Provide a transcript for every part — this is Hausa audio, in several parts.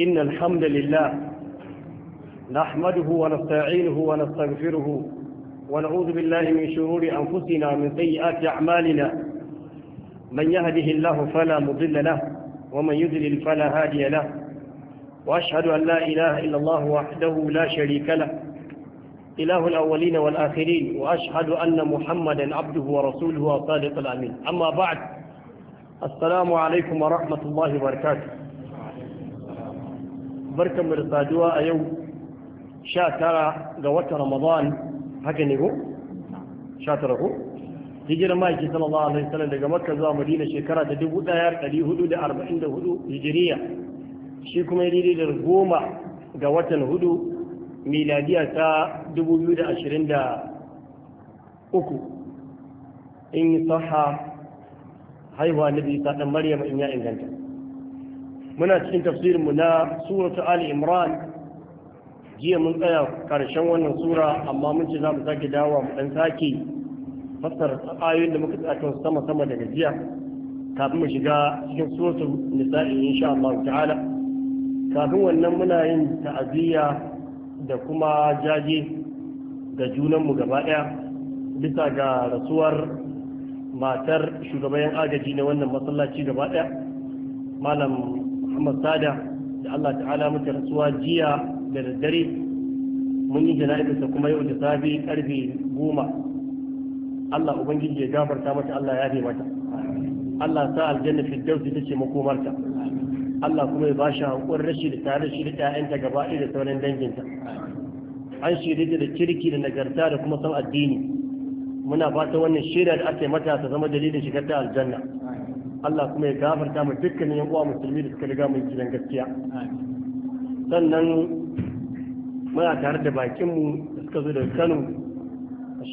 إن الحمد لله نحمده ونستعينه ونستغفره ونعوذ بالله من شرور أنفسنا من سيئات أعمالنا من يهده الله فلا مضل له ومن يذلل فلا هادي له وأشهد أن لا إله إلا الله وحده لا شريك له إله الأولين والآخرين وأشهد أن محمدا عبده ورسوله وصادق الأمين أما بعد السلام عليكم ورحمة الله وبركاته barkan mu da saduwa a yau sha tara ga watan ramadan haka ne ko sha tara ko hijirar ma'aiki sallallahu alaihi wasallam daga makka zuwa madina shekara ta dubu ɗaya ɗari hudu da arba'in da hudu hijiriya shi kuma daidai da goma ga watan hudu miladiya ta dubu biyu da ashirin da uku in yi saha haihuwa na biyu ta ɗan maryam in ya inganta muna cikin tafsirinmu na suratul ali imran jiya mun tsaya karshen wannan sura amma mun ce za mu sake dawowa mu dan sake fassara ayoyin da muka tsaya sama sama daga jiya kafin mu shiga cikin suratul nisa'i insha Allah ta'ala kafin wannan muna yin ta'aziyya da kuma jaje ga junanmu gaba daya bisa ga rasuwar matar shugaban agaji na wannan masallaci gaba daya malam Muhammad Sada da Allah ta'ala mata rasuwa jiya da daddare mun yi jana'izarsa kuma yau da safe karfe goma Allah ubangiji ya gafarta mata Allah ya mata Allah sa aljanna firdausi ta ce makomarta Allah kuma ya bashi hankuwar rashi da tare shi da ta gaba ɗaya da sauran danginta an shirya da kirki da nagarta da kuma san addini muna fata wannan shaida da aka yi mata ta zama dalilin shigar ta aljanna Allah kuma ya gafarta mu dukkanin yan uwa musulmi da suka riga mun gidan gaskiya sannan muna tare da bakin mu da suka zo daga Kano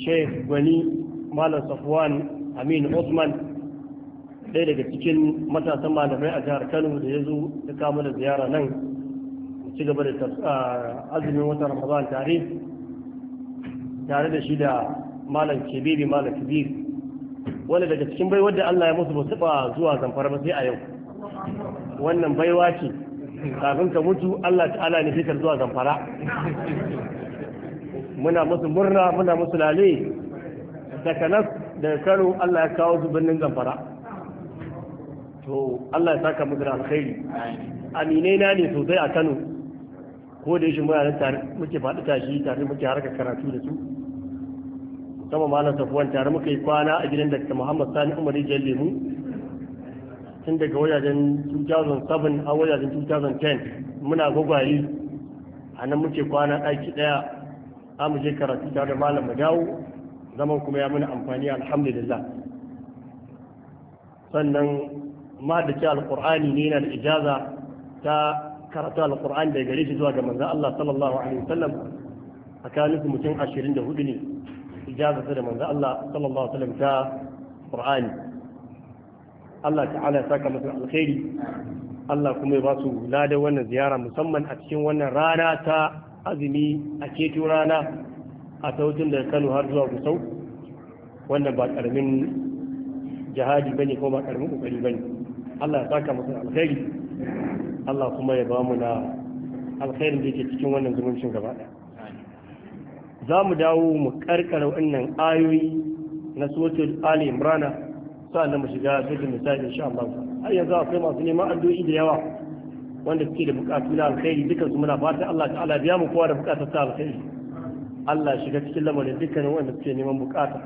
Sheikh Gwani Malam Safwan Amin Osman ɗaya daga cikin matasan malamai a jihar Kano da ya zo ya kama da ziyara nan ci gaba da azumin watan Ramadan tare tare da shi da Malam Kebiri Malam Kebiri wanda daga cikin baiwar da Allah ya musu ba taba zuwa zamfara ba sai a yau wannan baiwa ce kafin ka mutu Allah ta'ala ne fikar zuwa zamfara muna musu murna muna musu lale takanas daga Kano Allah ya kawo su birnin zamfara to Allah ya saka musu alkhairi aminai na ne sosai a Kano ko da yake muna tare muke faɗi tashi tare muke harkar karatu da su sama malam safuwan tare muka yi kwana a gidan dakta muhammad sani umar jelle lemu tun daga wajajen 2007 a wajajen 2010 muna gwagwaye a nan muke kwana ɗaki ɗaya a mu je karatu tare da malam mu dawo zaman kuma ya muna amfani alhamdulillah sannan ma da ke alƙur'ani ne yana da ijaza ta karatu alƙur'ani daga gare shi zuwa ga manzan Allah sallallahu alaihi wasallam a kanin mutum ashirin da hudu ne ijazarsa da manzo Allah sallallahu alaihi wasallam ta Qur'ani Allah ta'ala saka musu alkhairi Allah kuma ya ba su lada wannan ziyara musamman a cikin wannan rana ta azumi a ceto rana a tautin daga Kano har zuwa Gusau wannan ba karamin jihadi bane ko ba karamin kokari bane Allah ya saka musu alkhairi Allah kuma ya ba mu na alkhairin da yake cikin wannan zumuncin gaba ɗaya za mu dawo mu karkar wannan ayoyi na suratul ali imrana sa'an mu shiga suratul nisa insha Allah har yanzu akwai masu neman addu'o'i da yawa wanda suke da bukatu na alkhairi dukkan su muna fatan Allah ta'ala biya mu kowa da bukatar ta alkhairi Allah ya shiga cikin lamarin dukkanin wanda suke neman bukata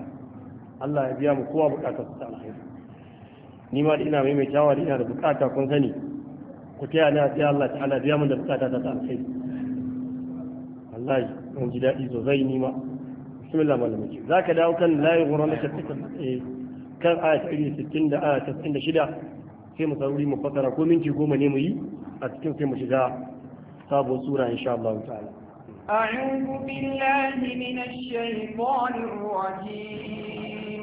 Allah ya biya mu kowa bukatar ta alkhairi ni ma ina maimaitawa ina da bukata kun sani ku taya ni a Allah ta'ala biya mu da bukata ta alkhairi والله من جداء زوزين ما بسم الله مولا مجي ذاك دا وكان لا يغرمك التكر كان آية 60 آية 90 شدة في مصوري مفترة كل من تقوم نمي أتكن في مشجاع صاب سورة إن شاء الله تعالى أعوذ بالله من الشيطان الرجيم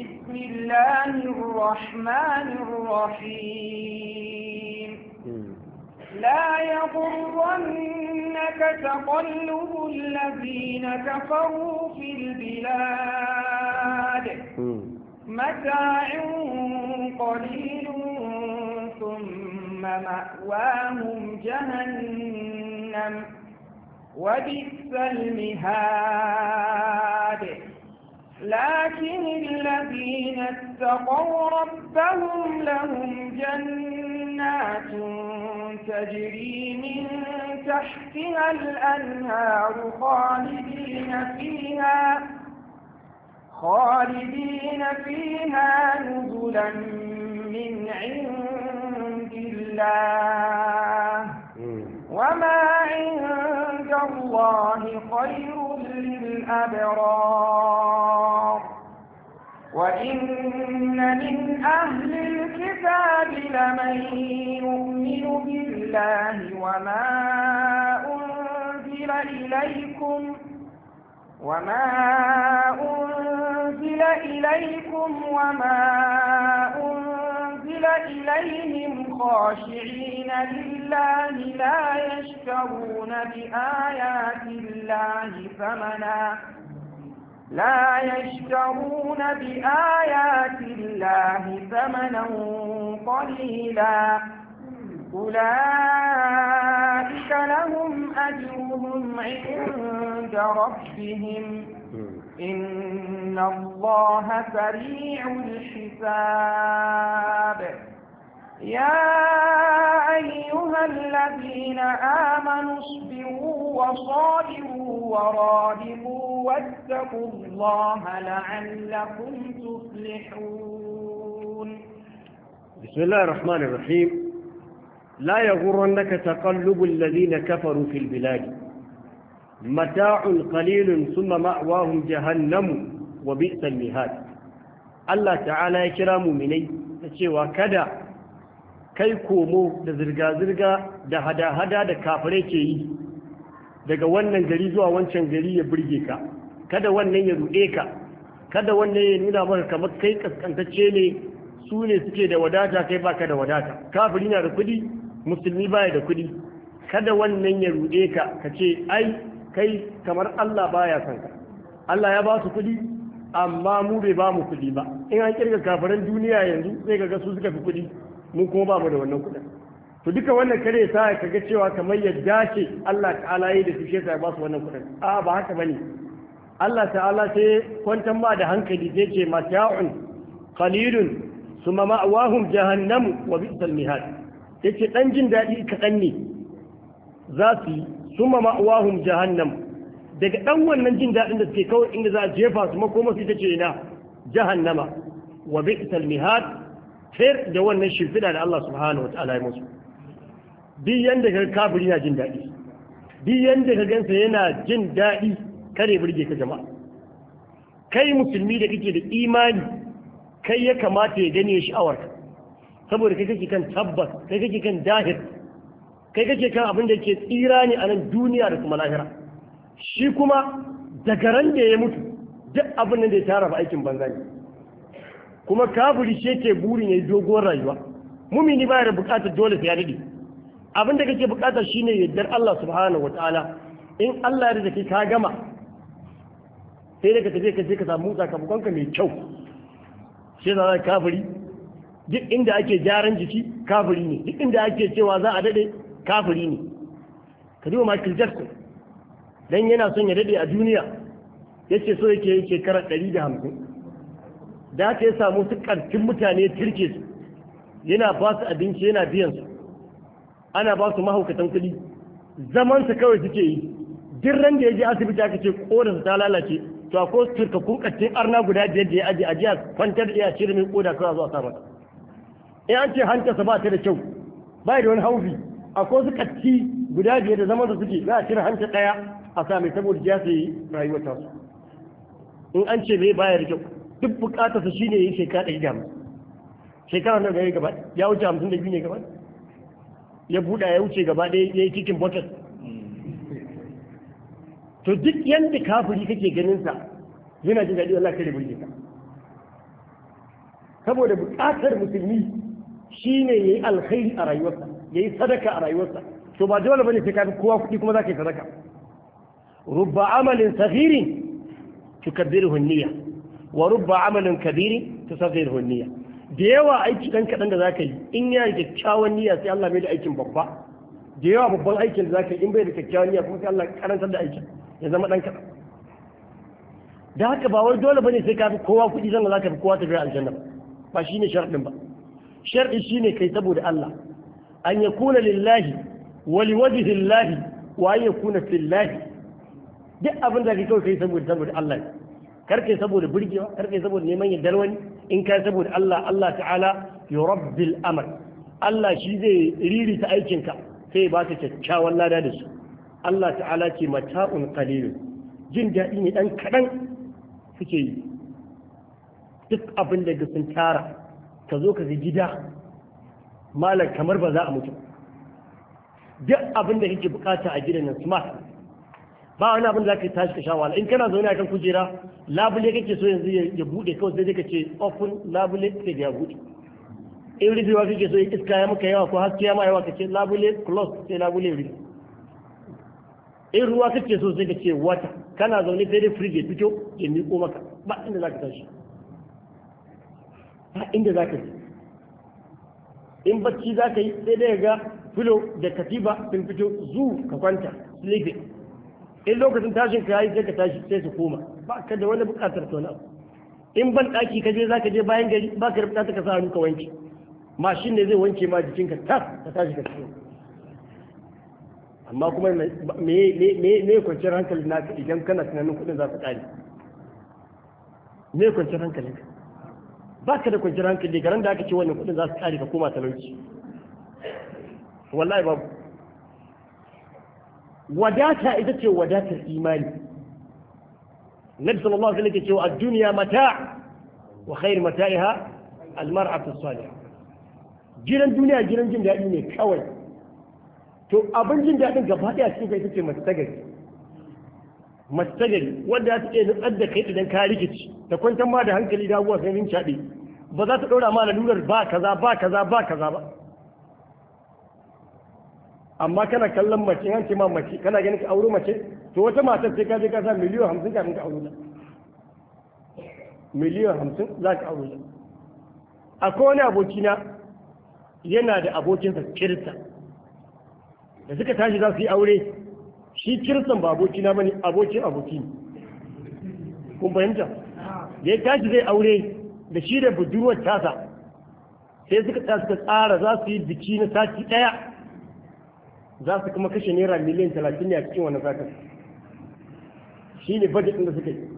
بسم الله الرحمن الرحيم لا يغرنك تقلب الذين كفروا في البلاد متاع قليل ثم مأواهم جهنم وبئس المهاد لكن الذين اتقوا ربهم لهم جنات تجري من تحتها الأنهار خالدين فيها خالدين فيها نزلا من عند الله وما عند الله خير للأبرار وإن من أهل الكتاب لمن يؤمن بالله وما أنزل إليكم وما أنزل إليكم وما أنزل إليهم خاشعين لله لا يشترون بآيات الله ثمنا لا يشترون بآيات الله ثمنا قليلا أولئك لهم أجرهم عند ربهم إن الله سريع الحساب يا أيها الذين آمنوا اصبروا وصابروا ورابطوا واتقوا الله لعلكم تفلحون بسم الله الرحمن الرحيم لا يغرنك تقلب الذين كفروا في البلاد متاع قليل ثم مأواهم جهنم وبئس المهاد الله تعالى يكرم مني muminai كذا kai komo da zirga-zirga da hada-hada da kafare ke yi daga wannan gari zuwa wancan gari ya burge ka kada wannan ya ruɗe ka kada wannan ya nuna maka kamar kai kaskantacce ne su ne suke da wadata kai baka da wadata kafiri na da kuɗi musulmi baya da kuɗi kada wannan ya ruɗe ka ka ce ai kai kamar Allah baya son ka Allah ya ba su kuɗi amma mu bai ba mu kuɗi ba in an kirga kafaren duniya yanzu sai ka ga su suka fi kuɗi mu kuma ba mu da wannan kuɗin to duka wannan kare ya sa ga cewa kamar yadda ce Allah ta'ala yi da su shi ya ba su wannan kuɗin a ba haka bane Allah ta'ala sai kwantar ma da hankali zai ce mata'un qalilun summa ma'awahum jahannamu wa bi'sal mihad yace dan jin daɗi kaɗan ne za su yi summa ma'awahum jahannam daga ɗan wannan jin daɗin da suke kawai inda za a jefa su makoma su ita ce ina jahannama wa bi'sal mihad fir da wannan shimfiɗa da Allah subhanahu wata'ala ya musu duk yanda ka kafiri na jin daɗi duk yanda ka gansa yana jin daɗi kare burge ka jama'a kai musulmi da kake da imani kai ya kamata ya gane ka. saboda kai kake kan tabbas kai kake kan dahir kai kake kan abin da ke tsira ne a nan duniya da kuma lahira shi kuma daga ran da ya mutu duk abin da ya tara aikin banza ne kuma kafiri shi ke burin ya yi doguwar rayuwa mumini ba da bukatar dole sai ya daɗe abin da kake bukatar shine yardar Allah subhanahu wataala in Allah ya kai ka gama sai daga tafi ka je ka samu mai kyau sai za kafiri duk inda ake gyaran jiki kafiri ne duk inda ake cewa za a daɗe kafiri ne ka duba Michael Jackson dan yana son ya daɗe a duniya yace so yake yake shekara 150 da aka yi samu su ƙarfin mutane turke su yana ba su abinci yana biyan su ana ba su mahaukatan kuɗi zaman su kawai suke yi duk ran da ya je asibiti aka ce kodarsa ta lalace to a ko kun ƙarfin arna guda biyar da ya aje a jiya kwantar da ya cire min koda kawai zuwa samar in an ce hantarsa ba ta da kyau ba da wani haufi a ko su ƙarfi guda biyar da zaman su suke za a cire hanta ɗaya a sami saboda jiya su yi rayuwar tasu in an ce me baya da kyau duk bukatarsa shi ne yin shekara ɗari da shekara nan gari gaba ya wuce hamsin da biyu ne gaba ya buɗa ya wuce gaba ɗaya ya yi cikin botar to duk yadda kafiri kake ganin sa yana jin daɗi Allah kare burge ka saboda bukatar musulmi shine yayi alkhairi a rayuwarsa yayi sadaka a rayuwarsa to ba dole bane sai ka kowa kuɗi kuma zaka yi sadaka rubba amalin saghirin tukabbiruhu niyya wa rubba amalin kabiri ta safe hunniya. da yawa aiki ɗan kaɗan da zaka yi in ya da kyakkyawan niyya sai Allah mai da aikin babba da yawa babban aikin da zaka yi in bai da kyakkyawan niyya kuma sai Allah karantar da aikin ya zama ɗan kaɗan da haka ba wai dole bane sai ka fi kowa kuɗi zan zaka fi kowa ta tafiya aljanna ba shine sharɗin ba sharɗi shine kai saboda Allah an yakuna lillahi wa liwajhillahi wa an yakuna fillahi duk abin da kake kai saboda saboda Allah ne karkai saboda burgewa karkai saboda neman yardar wani in kai saboda Allah Allah ta'ala yurabbil amal Allah shi zai ririta aikinka sai ba ka kyakkyawan lada da su Allah ta'ala ce mata'un qalil jin daɗi ne ɗan kaɗan suke yi duk abin da sun tara ka zo ka gida malar kamar ba za a mutu duk abin da kake bukata a gidan nan smart ba wani abin da ka tashi ka sha wahala in kana zaune akan kujera labule kake so yanzu ya bude kawai sai ka ce open labule sai ya bude in rufewa kake so iska ya maka yawa ko haske ya ma yawa kace labule close sai labule rufe in ruwa kake so sai ka ce wata kana zaune sai dai fridge ya fito ya miko maka ba inda zaka tashi ba inda zaka je in bacci zaka yi sai dai ga filo da katiba sun fito zu ka kwanta sleeping in lokacin tashin ka yayi sai ka tashi sai su koma ba ka da wani buƙatar tona in ban daki ka je za ka je bayan gari ba ka rubuta ta ka sa hannu ka wanke mashin ne zai wanke ma jikinka ta ka tashi ka ciwo amma kuma me kwanciyar hankali na idan kana tunanin kudin za su kare me kwanciyar hankali ba ka da kwanciyar hankali garan da aka ce wannan kudin za su kare ka koma talauci wallahi babu wadata ita ce wadatar imani nabi sallallahu alaihi wasallam cewa ad-dunya mata' wa khair mata'iha al-mar'atu as-salihah gidan duniya gidan jin daɗi ne kawai to abin jin daɗin gaba ɗaya cikin ka ita ce mace ta gari mace ta gari wanda za ta iya nutsar da kai idan ka rikici ta kwantar ma da hankali da abubuwa sai rin caɗe ba za ta ɗora ma lalurar ba kaza ba kaza ba kaza ba amma kana kallon mace an ce ma mace kana ganin ka auro mace to wata mata sai ka je ka sa miliyan hamsin kafin ka auro ta miliyan hamsin za ka auro ta akwai wani abokina yana da abokinsa kirista da suka tashi za su yi aure shi kiristan ba abokina ba ne abokin aboki kun fahimta da ya tashi zai aure da shi da budurwar tasa sai suka suka tsara za su yi biki na sati ɗaya za su kuma kashe naira miliyan talatin ne a cikin wani zakar shi ne budget da suka yi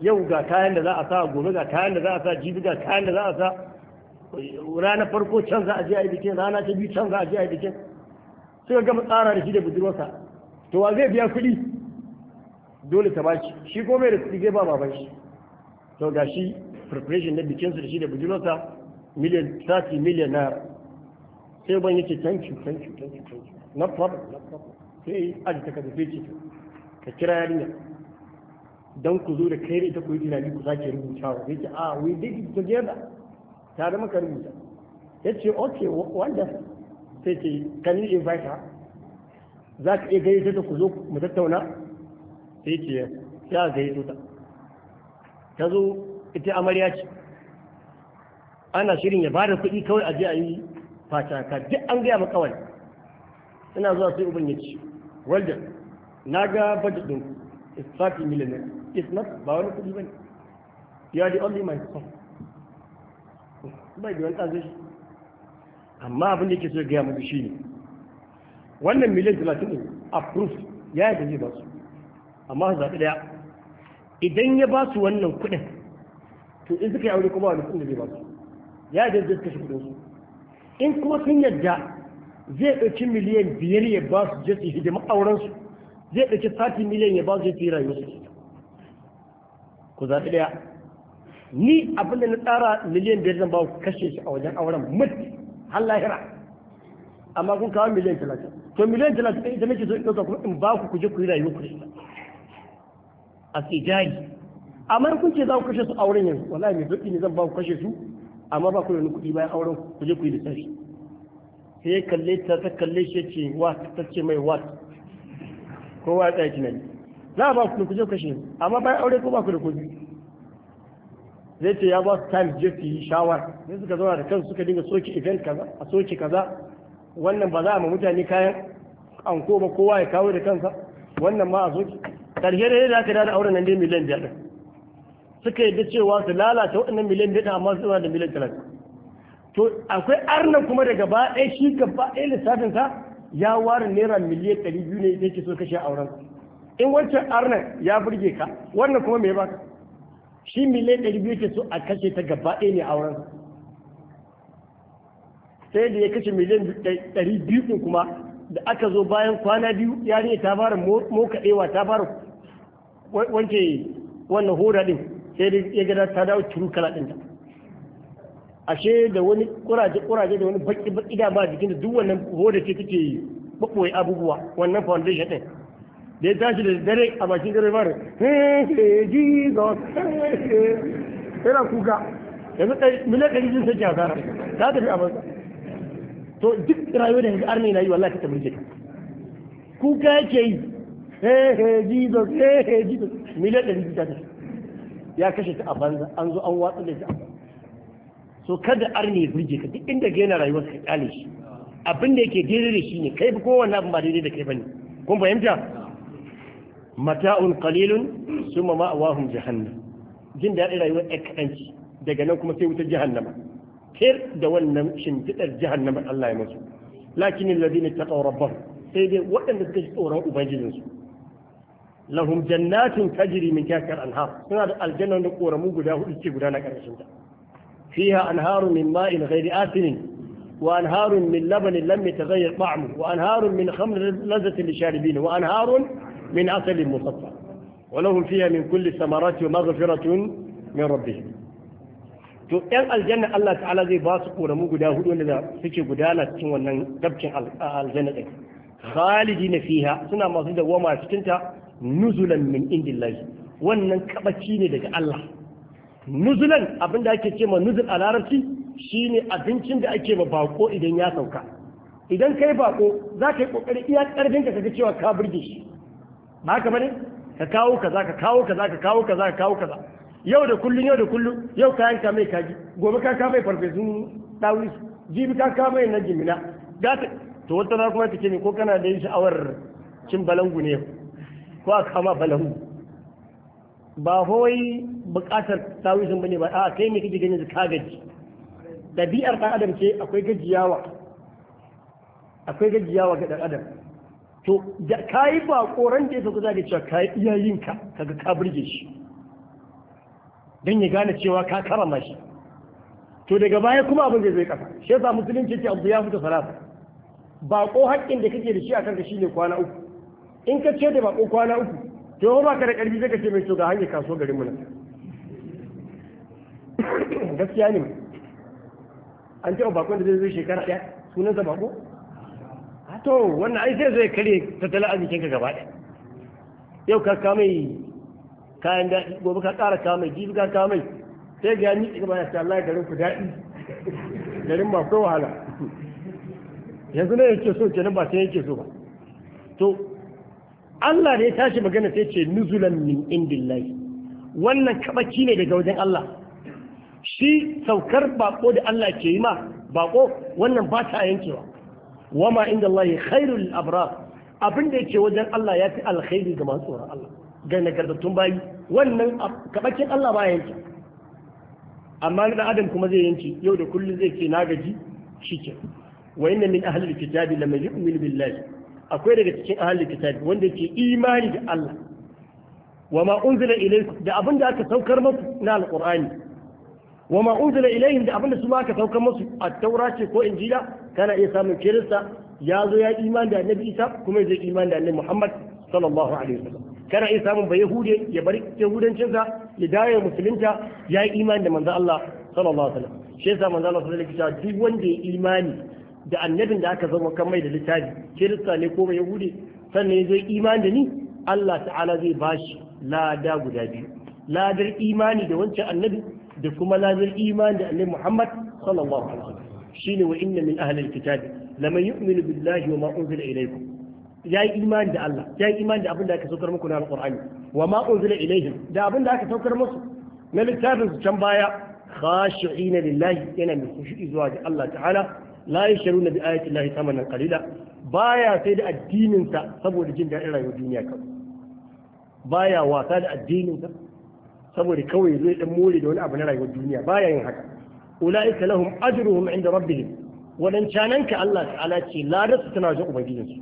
yau ga kayan da za a sa gobe ga kayan da za a sa jibi ga kayan da za a sa rana farko can za a je a yi bikin rana ta biyu can za a je a yi bikin suka gama tsara da shi da budurwarsa to wa zai biya kuɗi dole ta bashi shi ko mai da kuɗi zai ba baban shi to ga shi preparation na su da shi da budurwarsa miliyan 30 miliyan naira sai ban yake thank you thank you thank you thank you no problem no problem sai aji ta kaza sai ce ka kira yarinya dan ku zo da kai ita ku yi tunani ku sake rubutawa sai ce ah we did it together da maka rubuta yace okay wonderful sai ce can you invite her za ka iya gaisa ta ku zo mu tattauna sai ce ya a gaiso ta ta zo ita amarya ce ana shirin ya bada kuɗi kawai a je a yi fataka duk an gaya maka wani ina zuwa sai uban ya walda na ga budget din is 30 million is not ba wani kudi bane you are the only my son bai da wani shi amma abin da yake so gaya muku shine wannan miliyan 30 din approved ya yi zai ba su amma su zaɓi ɗaya idan ya ba su wannan kuɗin to in suka yi aure kuma wani kuɗin da zai ba su ya yi da zai shi kuɗin su in kuma sun yadda zai ɗauki miliyan biyar ya ba su je su hidima aurensu zai ɗauki sati miliyan ya ba su je su yi su ku zaɓi ɗaya ni abinda na tsara miliyan biyar zan ba ku kashe shi a wajen auren mut har lahira amma kun kawo miliyan talatin to miliyan talatin ɗin ita nake so in ɗauka kuma in ba ku ku je ku yi rayuwar ku a tijari amma kun ce za ku kashe su auren yanzu wallahi mai zoki ne zan ba ku kashe su amma ba ku da kuɗi bayan auren ku je ku yi lissafi sai ya kalle ta ta kalle shi ce wat ta ce mai wat kowa ya tsaya tunani za a ba ku ku je kashe amma bayan aure ko ba ku da kuɗi zai ce ya ba su time je su yi shawar sai suka zauna da kansu suka dinga soke event kaza a soke kaza wannan ba za a ma mutane kayan anko ba kowa ya kawo da kansa wannan ma a soke karshe da yadda aka da auren nan dai miliyan biyar suka da cewa su lalata waɗannan miliyan biyar amma su da miliyan talatin to akwai arna kuma daga ba ɗaya shi gaba ɗaya lissafin sa ya ware naira miliyan ɗari biyu ne yake so kashe wurin in wancan arna ya burge ka wannan kuma mai baka shi miliyan ɗari biyu yake so a kashe ta gaba ɗaya ne wurin sai da ya kashe miliyan ɗari biyu ɗin kuma da aka zo bayan kwana biyu yarinya ta fara mokaɗewa ta fara wanke wannan hura ɗin sai da ya gada ta dawo turu kala ɗinta ashe da wani kuraje kuraje da wani baki baki da ba jikin da duk wannan hoda ce take baboye abubuwa wannan foundation ɗin da ya tashi da dare a bakin dare mara yana kuka yanzu miliyan ɗari a banza to duk yi wallahi kuka yake jesus jesus miliyan ɗari ta ya kashe ta a banza an zo an watsa da ta so kada arne ya burge ka duk inda ga rayuwar ka kyale shi abin da yake daidai da shi ne kai bi kowanne abin ba daidai da kai bane kun fahimta mata'un qalilun summa ma'awahum jahannam jin daɗin rayuwar ɗan kaɗanci daga nan kuma sai wuta jahannama kir da wannan shimfiɗar jahannama Allah ya musu Lakinin alladhina taqaw rabbahum sai dai waɗanda suka tsoron ubangijinsu lahum jannatin tajri min tahtiha al-anhar suna da aljanna da koramu guda hudu ce guda na karshen ta fiha anharun min ma'in ghairi asin wa anharun min labanin lam yataghayyar ta'muhu wa anharun min khamrin lazzatin lisharibin wa anharun min asalin musaffa wa lahum fiha min kulli thamarati wa maghfiratun min rabbihim to ɗan aljanna Allah ta'ala zai ba su koramu guda hudu wanda suke gudana cikin wannan gabcin aljanna ɗin khalidi na fiha suna masu dawwama cikinta nuzulan min indillahi wannan kabaci ne daga Allah nuzulan abin da ake ce ma nuzul a larabci shine abincin da ake ma bako idan ya sauka idan kai bako za ka yi kokari iya karfin ka kaga cewa ka burge shi ba ka bane ka kawo kaza ka kawo kaza ka kawo kaza ka kawo kaza yau da kullun yau da kullun yau ka yanka mai kaji gobe ka kama mai farfesun dawis jibi ka kama mai na jimina gata to wata na kuma take ne ko kana da yin sha'awar cin balangu ne yau ko a kama falahu ba hoyi bukatar tawizin bane ba a kai ne kake ganin ka gaji biyar ɗan adam ce akwai gajiyawa akwai gajiyawa ga ɗan adam to da ka yi ba koran da ya sauka za ka cewa ka yi iyayenka kaga ka burge shi don ya gane cewa ka karama shi to daga baya kuma abin da zai kafa shi yasa musulunci ce abu ya fita salasa ba ko haƙƙin da kake da shi akan ka shine kwana uku in ka ce da bakon kwana uku to ba ka da karfi zai ka ce mai to ga hanyar kaso garin mu gaskiya ne an ce bakon da zai zo shekara ɗaya sunansa sa bako to wannan ai sai zai kare tattalin arzikin ka gaba ɗaya yau ka kame kayan daɗi gobe ka ƙara kame jibi ka kame sai ga ni ɗin bayan sa Allah garin ku daɗi garin ba ko wahala yanzu ne yake so kenan ba sai yake so ba to Allah da ya tashi magana sai ce nuzulan min indillahi wannan kabaki ne daga wajen Allah shi saukar bako da Allah ke yi ma bako wannan ba ta yankewa wama inda Allah khairul abra abin da yake wajen Allah ya fi alkhairi ga masu tsoron Allah ga nagartattun bayi wannan kabakin Allah ba yanke amma na adam kuma zai yanke yau da kullum zai ce na gaji shike wa inna min ahli alkitabi lam yu'minu billahi akwai daga cikin ahalin kitabi wanda ke imani da Allah wa ma unzila ilaykum da abin da aka saukar musu na alqur'ani wa ma unzila ilayhim da abin da su aka saukar musu a taura ko injila kana iya samun kirista ya zo ya imani da annabi Isa kuma zai imani da annabi Muhammad sallallahu alaihi wasallam kana iya samun ba yahude ya bar yahudancinsa ya dawo musulunta ya yi imani da manzo Allah sallallahu alaihi wasallam shi yasa manzo Allah sallallahu alaihi wasallam duk wanda ya imani da annabin da aka zama kan mai da littafi kirista ne ko mai hude sannan zai imani da ni Allah ta'ala zai bashi lada guda biyu ladar imani da wancan annabi da kuma ladar imani da annabi Muhammad sallallahu alaihi wasallam shine wa inna min ahli alkitab laman yu'minu billahi wa ma unzila ilaykum yayi imani da Allah yayi imani da abin da aka saukar muku na alqur'ani wa ma unzila ilayhim da abin da aka saukar musu na littafin su can baya khashi'ina lillahi yana mai khushu'i zuwa ga Allah ta'ala la yashru bi ayati llahi thamanan qalila baya sai da addininsa saboda jin daɗin rayuwar duniya kawai baya wasa da addininsa saboda kawai zai ɗan more da wani abu na rayuwar duniya baya yin haka ulaika lahum ajruhum inda rabbihim wadancananka Allah ta'ala ce ladarsu tana wajen ubangijinsu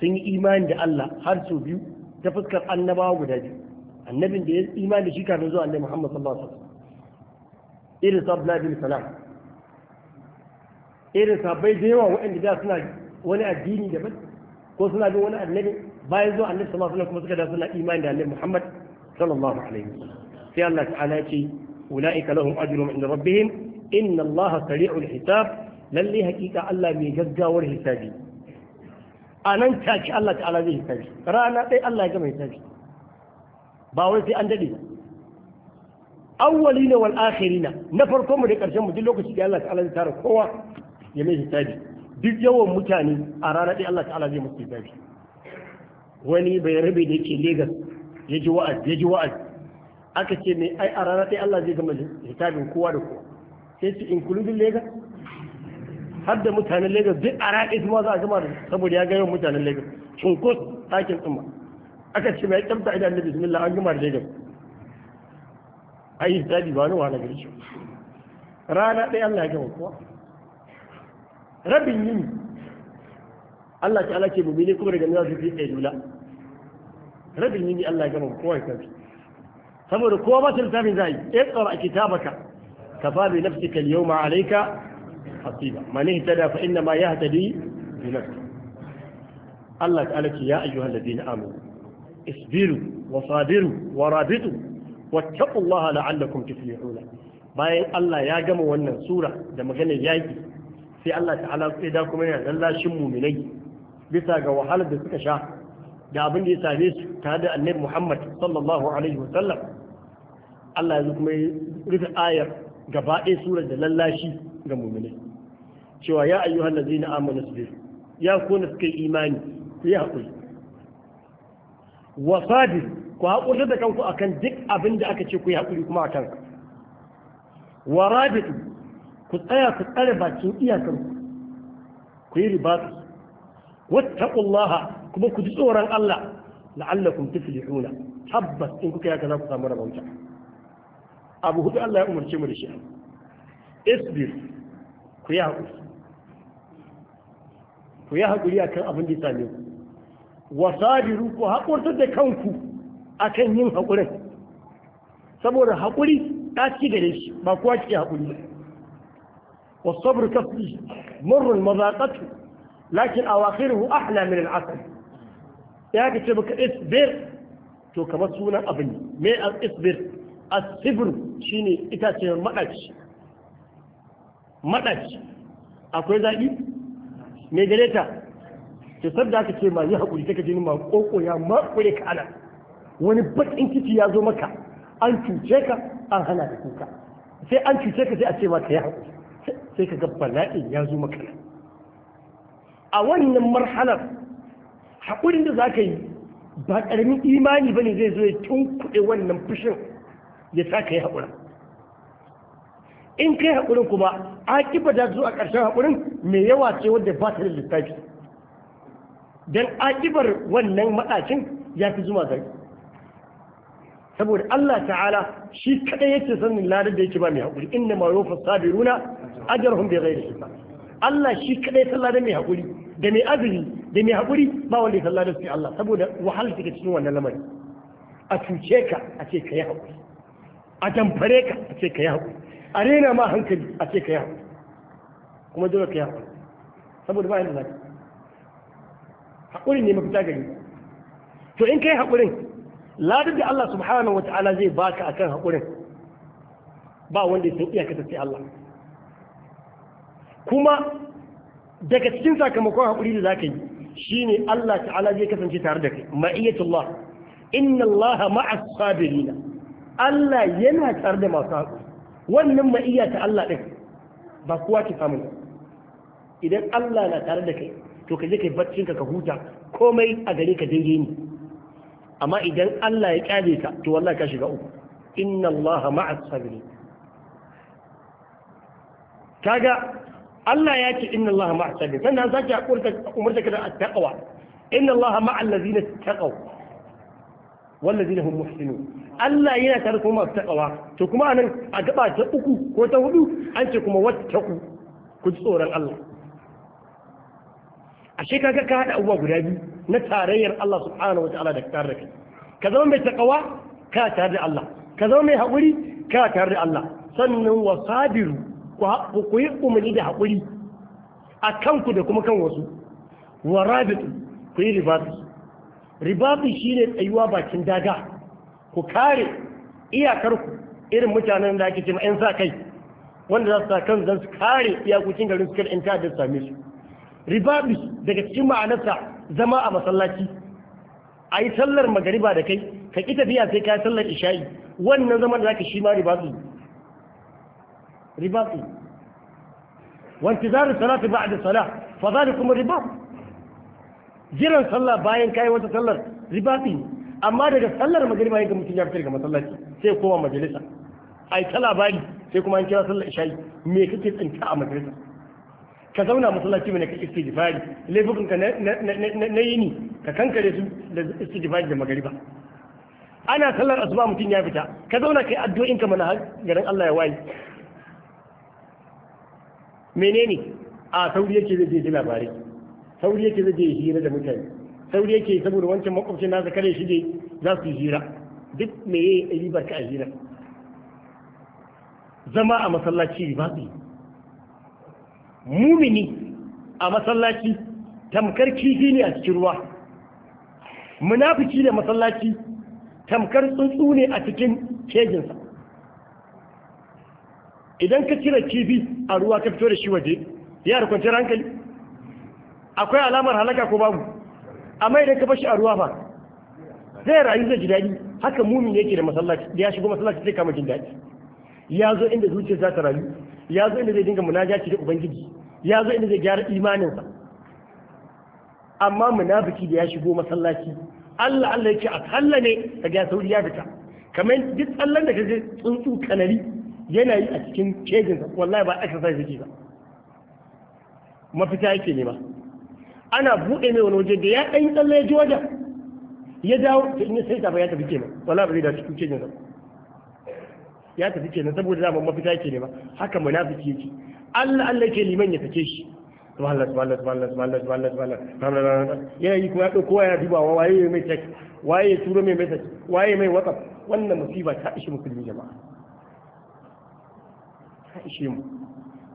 sun yi imani da Allah har sau biyu ta fuskar annabawa guda biyu annabin da ya imani da shi kafin zuwa annabi Muhammad sallallahu alaihi wasallam irin sa Abdullah bin Salam irin sabai da yawa waɗanda da suna wani addini daban ko suna bin wani annabi bayan zuwa annabi sama alaihi kuma suka da suna imani da annabi Muhammad sallallahu alaihi sai Allah ta'ala ya ce ulaika lahum ajrun inda rabbihim inna Allah sari'ul hisab lalle hakika Allah mai gaggawar hisabi a nan take Allah ta'ala zai hisabi rana ɗaya Allah ya gama hisabi ba wai sai an dade awwalina wal akhirina na farko mu da karshen mu duk lokaci da Allah ta'ala zai tara kowa ya mai hisabi duk yawan mutane a ranar ɗaya Allah ta'ala zai musu hisabi wani bai rabe da yake Legas ya ji wa'az ya ji wa'az aka ce mai ai a ranar ɗaya Allah zai gama hisabin kowa da kowa sai su including Legas har da mutanen Legas duk a ranar ɗaya ma za a gama da saboda ya ga yawan mutanen Legas cunkos ɗakin tsumma aka ce mai kyamta idan da bismillah an gama da Legas ai hisabi ba ni wahala gari shi rana ɗaya Allah ya gama kowa rabin yin Allah ta ala ce mu ne kuma daga nan su fi ayyula rabin yini Allah ya gama kowa ya kafi saboda kowa ba tiltafin zai ya eh, tsara kitabaka kafa bi nafsika al-yawma alayka hasiba man ihtada fa inna ma yahtadi bi nafsihi Allah ta ala ce ya ayyuhal ladina amanu isbiru wa sabiru wa rabitu wattaqullaha la'allakum tuflihuna bayan Allah ya gama wannan sura da maganar yaki sai Allah ta'ala sai da kuma yana lallashin muminai bisa ga wahalar da suka sha da abin da ya same su tare da annabi Muhammad sallallahu alaihi wasallam Allah yanzu kuma ya rufe ayar gaba ɗaya surar da lallashi ga muminai cewa ya ayyuhan ladzina amanu ya suka yi imani ku yi wa sabir ku haƙuri da kanku akan duk abin da aka ce ku yi kuma akan wa rabitu ku tsaya ku tsare bakin iyakar ku yi ribatu wattaqullaha kuma ku ji tsoron Allah la'allakum tuflihuna tabbas in kuka yaka za ku samu rabonta. abu hudu Allah ya umarce mu da shi isbir ku yi haƙuri ku yi haƙuri akan abin da ya same ku wasabiru ku haƙurtar da kanku akan yin haƙurin saboda haƙuri ɗaci gare shi ba kowa ke haƙuri ba والصبر كفي مر مذاقته لكن أواخره أحلى من العسل يا كتبك اصبر to kamar sunan abin me al isbir asibir shine itace madaci madaci akwai zaki me gare ta to sabda aka ce ma yi hakuri take jini ma koko ya ma ka ana wani bakin kici ya zo maka an cuce ka an hana ka kuka sai an cuce ka sai a ce ma ka yi hakuri sai ka ga bala'in ya zo maka a wannan marhalar haƙurin da za ka yi ba ƙaramin imani ba ne zai zo ya tunkuɗe wannan fushin ya sa ka yi haƙurin in kai haƙurin kuma akiba da zo a ƙarshen haƙurin mai yawa ce wadda ba ta da littafi don aƙibar wannan maɗacin ya fi zuma gari saboda Allah ta'ala shi kadai yake sanin ladar da yake ba mai haƙuri inna ma yufa sabiruna ajrahum bi ghairi hisab Allah shi kadai san ladar mai haƙuri da mai azumi da mai haƙuri ba wanda ya san ladar sai Allah saboda wahala take cikin wannan lamari a cuce ka a ce ka yi haƙuri a damfare ka a ce ka yi haƙuri a rena ma hankali a ce ka yi haƙuri kuma dole ka yi haƙuri saboda ba yadda zaka haƙuri ne mafita gari to in ka yi haƙurin ladar da Allah subhanahu wa ta'ala zai baka akan haƙurin ba wanda ya iya kasance Allah kuma daga cikin sakamakon haƙuri da zaka yi shine Allah ta'ala zai kasance tare da kai allah inna Allah ma'as sabirina Allah yana tare da masu haƙuri wannan ma'iyya ta Allah din ba kowa ke samu idan Allah na tare da kai to ka je kai baccin ka ka huta komai a gare ka daidai ni. amma idan Allah ya kyale ka to wallahi ka shiga uku inna Allah ma'as sabirin kaga Allah ya ce inna Allah ma'as sabirin sannan zaki umurta ka da taqwa inna Allah ma'al ladina taqaw wal ladina hum muhsinun Allah yana tare kuma masu taqwa to kuma anan a gaba ta uku ko ta hudu an ce kuma wattaqu ku tsoron Allah ashe kaga ka hada abubuwa guda biyu na tarayyar Allah subhanahu wa ta'ala da kare kai ka zama mai takawa ka tare da Allah ka zama mai haƙuri ka tare da Allah sannan wa sabiru ku yi umarni da haƙuri a kanku da kuma kan wasu wa rabitu ku yi ribatu ribatu shine tsayuwa bakin daga ku kare iyakarku irin mutanen da ake cewa 'yan sa kai wanda za su sa kan zan su kare iyakokin garin su kada 'yan ta'addar same su ribabis daga cikin ma'anarsa zama a masallaci a yi sallar magariba da kai ka ƙi tafiya sai ka sallar isha'i wannan zaman da za ka shi ma ribabis da وانتظار fa za الصلاة kuma الرباط jiran sallah bayan kayan wata sallar ribati amma daga sallar magariba yake mutum ya fitar ga masallaci sai koma majalisa ai tala bayan sai kuma an kira sallar isha'i me kake tsinta a majalisa ka zauna masallaci mai kake istighfari laifukan ka na yini ka kankare su da istijifari da magariba ana sallar asuba mutum ya fita ka zauna kai addu'o'in ka mana garin Allah ya waye menene a sauri yake zai je labarai sauri yake zai je hira da mutane sauri yake saboda wancan makwabcin nasa kare shi ne za su hira duk me yayi ribar ka a hira zama a masallaci ba su yi mumini a masallaci tamkar kifi ne a cikin ruwa munafiki da masallaci tamkar tsuntsu ne a cikin kejinsa idan ka cire kifi a ruwa ka fito da shi waje ya kwanciyar hankali akwai alamar halaka ko babu amma idan ka bashi a ruwa ba zai rayu zai ji daɗi haka mumin yake da masallaci da ya shigo masallaci zai kama jin daɗi ya zo inda zuciya za ta rayu ya zo inda zai dinga munajaci da ubangiji ya zo inda zai gyara imaninsa amma munafiki da ya shigo masallaci Allah Allah yake a tsalla ne ka ga sauri ya fita kamar duk tsallan da kaje tsuntsu kanari yana yi a cikin cejin sa wallahi ba exercise yake ba mafita yake ne ba ana buɗe mai wani waje da ya ɗan tsalle ya ji wajen ya dawo da in sai ta ba ya tafi kenan wallahi ba zai da cikin cejin sa ya tafi kenan saboda zaman mafita yake ne ba haka munafiki yake Allah Allah yake liman ya take shi subhanallah subhanallah subhanallah subhanallah subhanallah subhanallah yana yi kuma ya dauko ya waye mai tek waye turo mai message waye mai whatsapp wannan musiba ta ishi musulmi jama'a ta ishe mu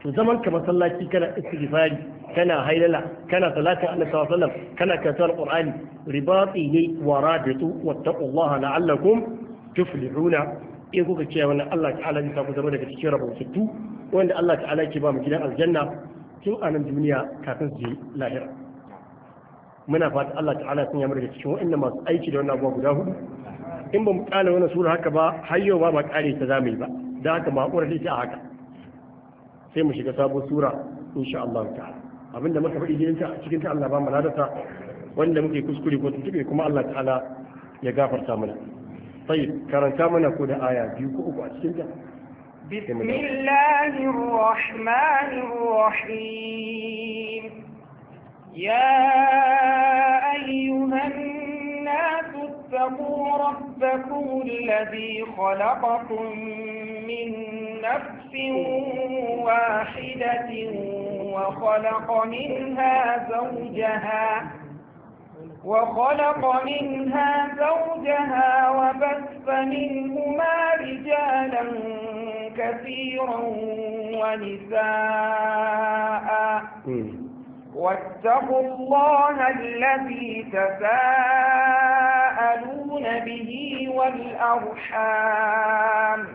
to zaman ka masallaci kana istighfari kana hailala kana salatin Allah sallallahu alaihi wasallam kana karatun alqur'ani ribati ne wa rabitu wattaqullaha la'allakum tuflihuna in kuka kiyaye wannan Allah ta'ala zai sa ku zama daga cikin sittu wanda Allah ta'ala ke ba mu gidan aljanna tun a nan duniya kafin su yi lahira muna fata Allah ta'ala sun yamar da cikin wa'annan masu aiki da wannan abuwa guda hudu in ba mu kala wani sura haka ba har yau ba ba kare ta za mu yi ba da haka ba ƙura ita a haka sai mu shiga sabon sura insha Allah ta'ala abinda muka faɗi jinin ta cikin ta Allah ba mu ladata wanda muke kuskure ko tuntube kuma Allah ta'ala ya gafarta mana طيب كرنتا من أقول آية بيوكو أكو أتشنجا بسم الله الرحمن الرحيم يا أيها الناس اتقوا ربكم الذي خلقكم من نفس واحدة وخلق منها زوجها وخلق منها زوجها وبث منهما رجالا كثيرا ونساء واتقوا الله الذي تساءلون به والأرحام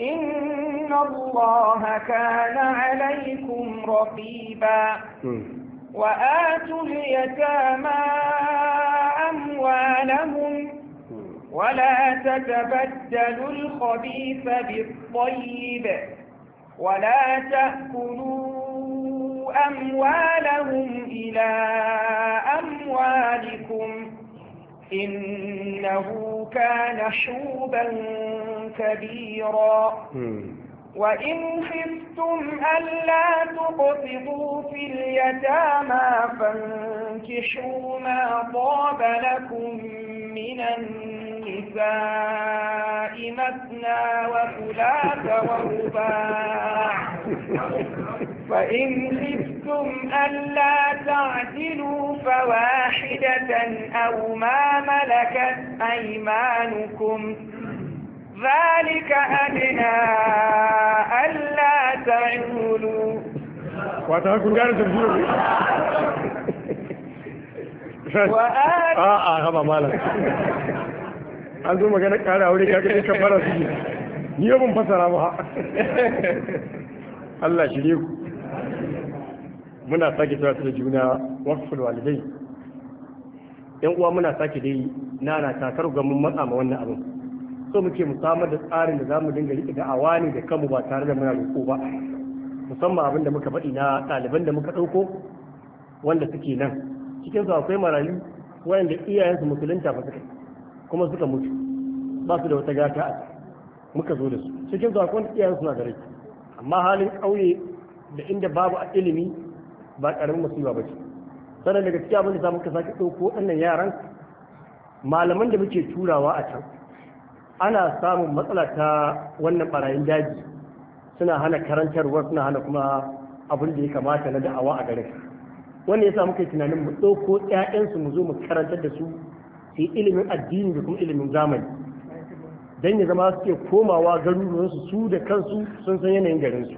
إن الله كان عليكم رقيبا وآتوا اليتامى أموالهم ولا تتبدلوا الخبيث بالطيب ولا تأكلوا أموالهم إلى أموالكم إنه كان حوبا كبيرا وإن خفتم ألا تقصدوا في اليتامى فانكشوا ما طاب لكم من النساء مثنى وثلاث ورباع فإن خفتم ألا تعدلوا فواحدة أو ما ملكت أيمانكم ذلك أدنى ألا تعولوا وتركوا قال ترجلوا a'a haba malam an zo magana kara aure ka kai kafara su ni ban fasara ba Allah muna sake tsaya da juna wakful walidai yan uwa muna sake dai nana takar ga mun matsa ma wannan abin so muke mu samar da tsarin da za mu dinga riƙe da ne da kanmu ba tare da muna roƙo ba musamman abin da muka faɗi na ɗaliban da muka ɗauko wanda suke nan cikin su akwai marayu wanda iyayensu musulunta ba suka kuma suka mutu ba su da wata gata a muka zo da su cikin su akwai iyayensu na gare amma halin ƙauye da inda babu ilimi ba ƙaramin musiba ba ce sannan daga cikin abin da za ka sake ɗauko waɗannan yaran malaman da muke turawa a can ana samun matsala ta wannan barayin daji suna hana karantarwa suna hana kuma abin da ya kamata na da'awa a garin wanda yasa muka yi tunanin mu ɗauko ƴaƴansu mu zo mu karantar da su su ilimin addini da kuma ilimin zamani Don ya zama suke komawa garuruwansu su da kansu sun san yanayin garinsu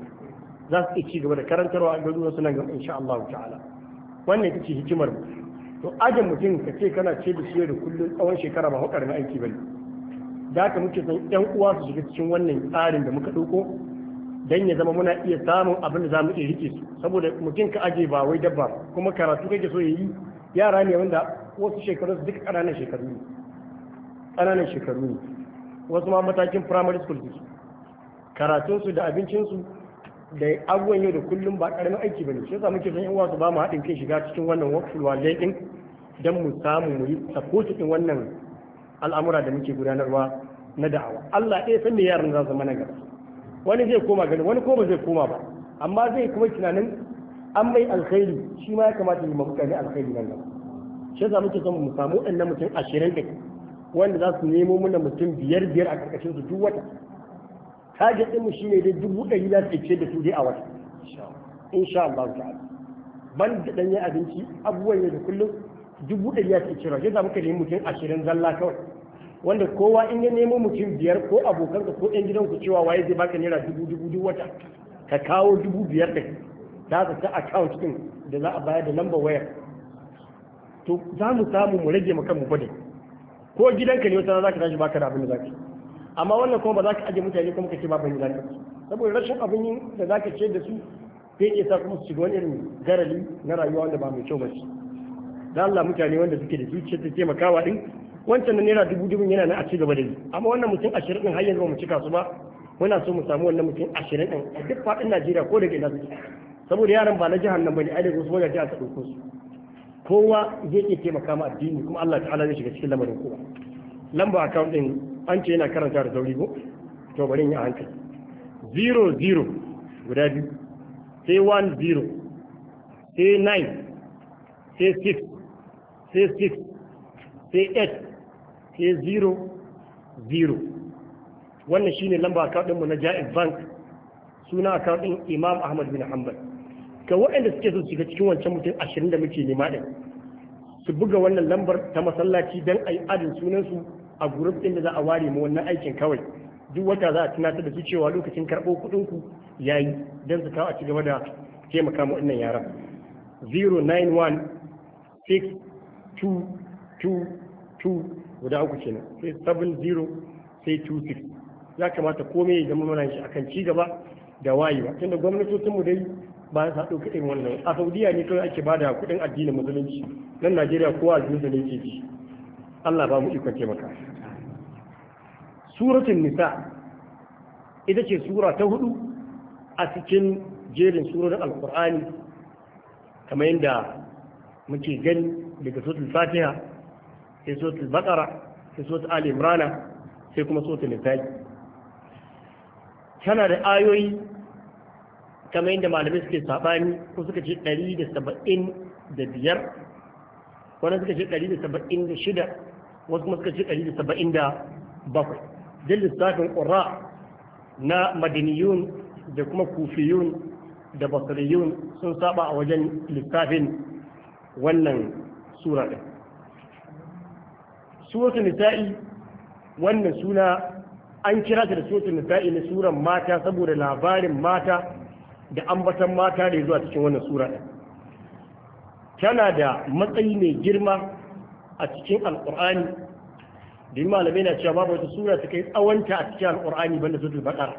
za su iya ci gaba da karantarwa a garuruwansu nan gaba insha Allah ta'ala wannan ita ce hikimar mu to ajin mutum ka ce kana ce da shi da kullum tsawon shekara ba hukar na aiki ba ne. da ka muke son yan uwa su shiga cikin wannan tsarin da muka ɗauko dan ya zama muna iya samun abin da mu iya rike su saboda mutum ka aje ba wai dabba kuma karatu kake so ya yi yara ne wanda wasu shekaru su duka ƙananan shekaru ne ƙananan shekaru ne wasu ma matakin primary school su karatunsu da abincinsu da abubuwan yau da kullum ba ƙaramin aiki ba ne shi yasa muke son yan uwa su ba mu haɗin kai shiga cikin wannan workflow wallai ɗin don mu samu mu yi support ɗin wannan al'amura da muke gudanarwa na da'awa Allah ɗaya san me yaran za su mana gaba wani zai koma gani wani ko ba zai koma ba amma zai kuma tunanin an mai alkhairi shi ma ya kamata yi mabuka ne alkhairi nan gaba shi yasa muke son mu samu na mutum ashirin da wanda za su nemo mana mutum biyar biyar a ƙarƙashin su duk wata ɗin ɗinmu shi ne dai dubu ɗari za su ce da su dai a wata insha Allah ta'ala ban da ɗanyen abinci abubuwan yau da kullum dubu ɗari ya ce cewa shi za muka nemi mutum ashirin zalla kawai wanda kowa in ya nemo mutum biyar ko abokanka ko ɗan gidanku cewa waye zai baka naira dubu dubu duk wata ka kawo dubu biyar da za ka ta account din da za a bayar da lambar wayar to za mu samu mu rage maka mu bade ko gidanka ne wata za ka tashi baka da abin da zaka amma wannan kuma ba za ka aje mutane kuma ka ce ba ban da zaka saboda rashin abin da da ka ce da su zai iya sa kuma su shiga wani irin garali na rayuwa wanda ba mai kyau ba shi da Allah mutane wanda suke da zuciya ta taimakawa din wancan na naira dubu dubu yana nan a ci gaba da yi amma wannan mutum ashirin din har yanzu mu cika su ba muna so mu samu wannan mutum ashirin din a duk faɗin Najeriya ko da ina suke saboda yaran ba na jihar nan bane ai daga wasu wajen jihar ta ɗauko su kowa zai iya taimaka ma addini kuma Allah ta'ala zai shiga cikin lamarin kowa lamba account din an ce yana karanta da sauri ko to bari in yi hankali zero zero guda biyu sai one zero sai nine sai six sai six sai eight sai 00 wannan shine lamba ɗin mu na Jaiz Bank suna account ɗin Imam Ahmad bin Hanbal ga waɗanda suke so shiga cikin wancan mutum ashirin da muke nema ɗin su buga wannan lambar ta masallaci don a yi adin sunansu a gurup ɗin da za a ware ma wannan aikin kawai duk wata za a tunatar da su cewa lokacin karɓo kuɗinku ya yi don su kawo a cigaba da taimaka ma wannan yaran 091 6 2 2 2 guda uku kenan sai 70 sai 26 ya kamata komai ya zama mana shi akan ci gaba da wayewa tunda gwamnatocin mu dai ba sa dauka irin wannan a Saudiya ne kawai ake bada kuɗin addinin musulunci nan Najeriya kowa da ne ke ji Allah ba mu ikon taimaka suratul nisa ita ce sura ta hudu a cikin jerin surorin alkur'ani kamar yadda muke gani daga sotul fatiha sai suratul baqara sai suratul ali imrana sai kuma suratul nisa'i tana da ayoyi kamar yadda malamai suke sabani ko suka ce 175 wani suka ce 176 wasu kuma suka ce 177 duk lissafin ƙura na madaniyun da kuma kufiyun da basiriyun sun saba a wajen lissafin wannan sura ɗin suratul nisa'i wannan suna an kira ta da suratul nisa'i na suran mata saboda labarin mata da ambatan mata da zuwa cikin wannan sura tana da matsayi mai girma a cikin alqur'ani da malamai na cewa babu wata sura ta kai tsawonta a cikin alqur'ani banda suratul baqara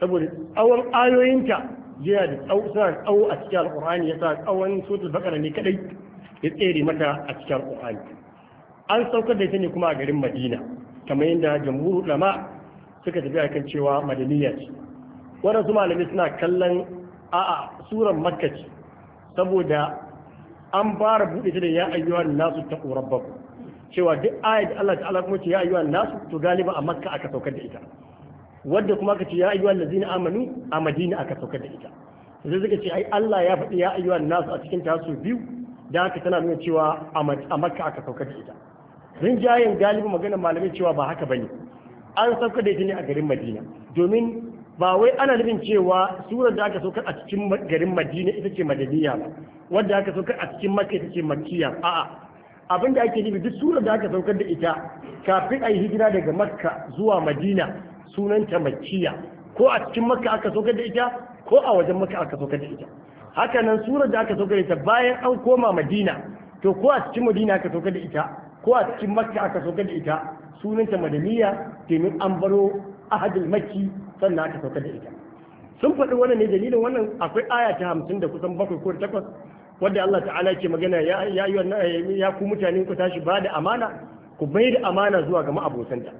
saboda tsawon ayoyinta yana da tsawo a cikin alqur'ani yasa tsawon suratul baqara ne kadai ya tsere mata a cikin alqur'ani an saukar da ita ne kuma a garin madina kamar yadda jamhur ulama suka tafi akan cewa madaniya ce waɗansu malamai suna kallon a'a suran makka ce saboda an fara buɗe ta da ya ayyuwa nasu ta babu. cewa duk ayat Allah ta'ala kuma ce ya ayyuwa nasu to galiba a makka aka saukar da ita wadda kuma aka ce ya ayyuwa zina amanu a madina aka saukar da ita sai suka ce ai Allah ya faɗi ya ayyuwa nasu a cikin tasu biyu da haka tana nuna cewa a makka aka saukar da ita rinjayen galibi maganar malamin cewa ba haka bane an sauka da ita ne a garin madina domin ba wai ana nufin cewa surar da aka saukar a cikin garin madina ita ce madaniya ba wadda aka saukar a cikin makka ita ce makkiya a'a abin da ake nufi duk surar da aka saukar da ita kafin a yi hijira daga makka zuwa madina sunanta makkiya ko a cikin makka aka saukar da ita ko a wajen makka aka saukar da ita haka nan surar da aka saukar da ita bayan an koma madina to ko a cikin madina aka saukar da ita ko a cikin makka aka saukar da ita sunanta madaniya domin an baro ahadul makki sannan aka saukar da ita sun faɗi wannan ne dalilin wannan akwai aya ta hamsin da kusan bakwai ko takwas wadda Allah ta'ala ke magana ya ya ku mutane ku tashi ba da amana ku bai da amana zuwa ga ma'abotanta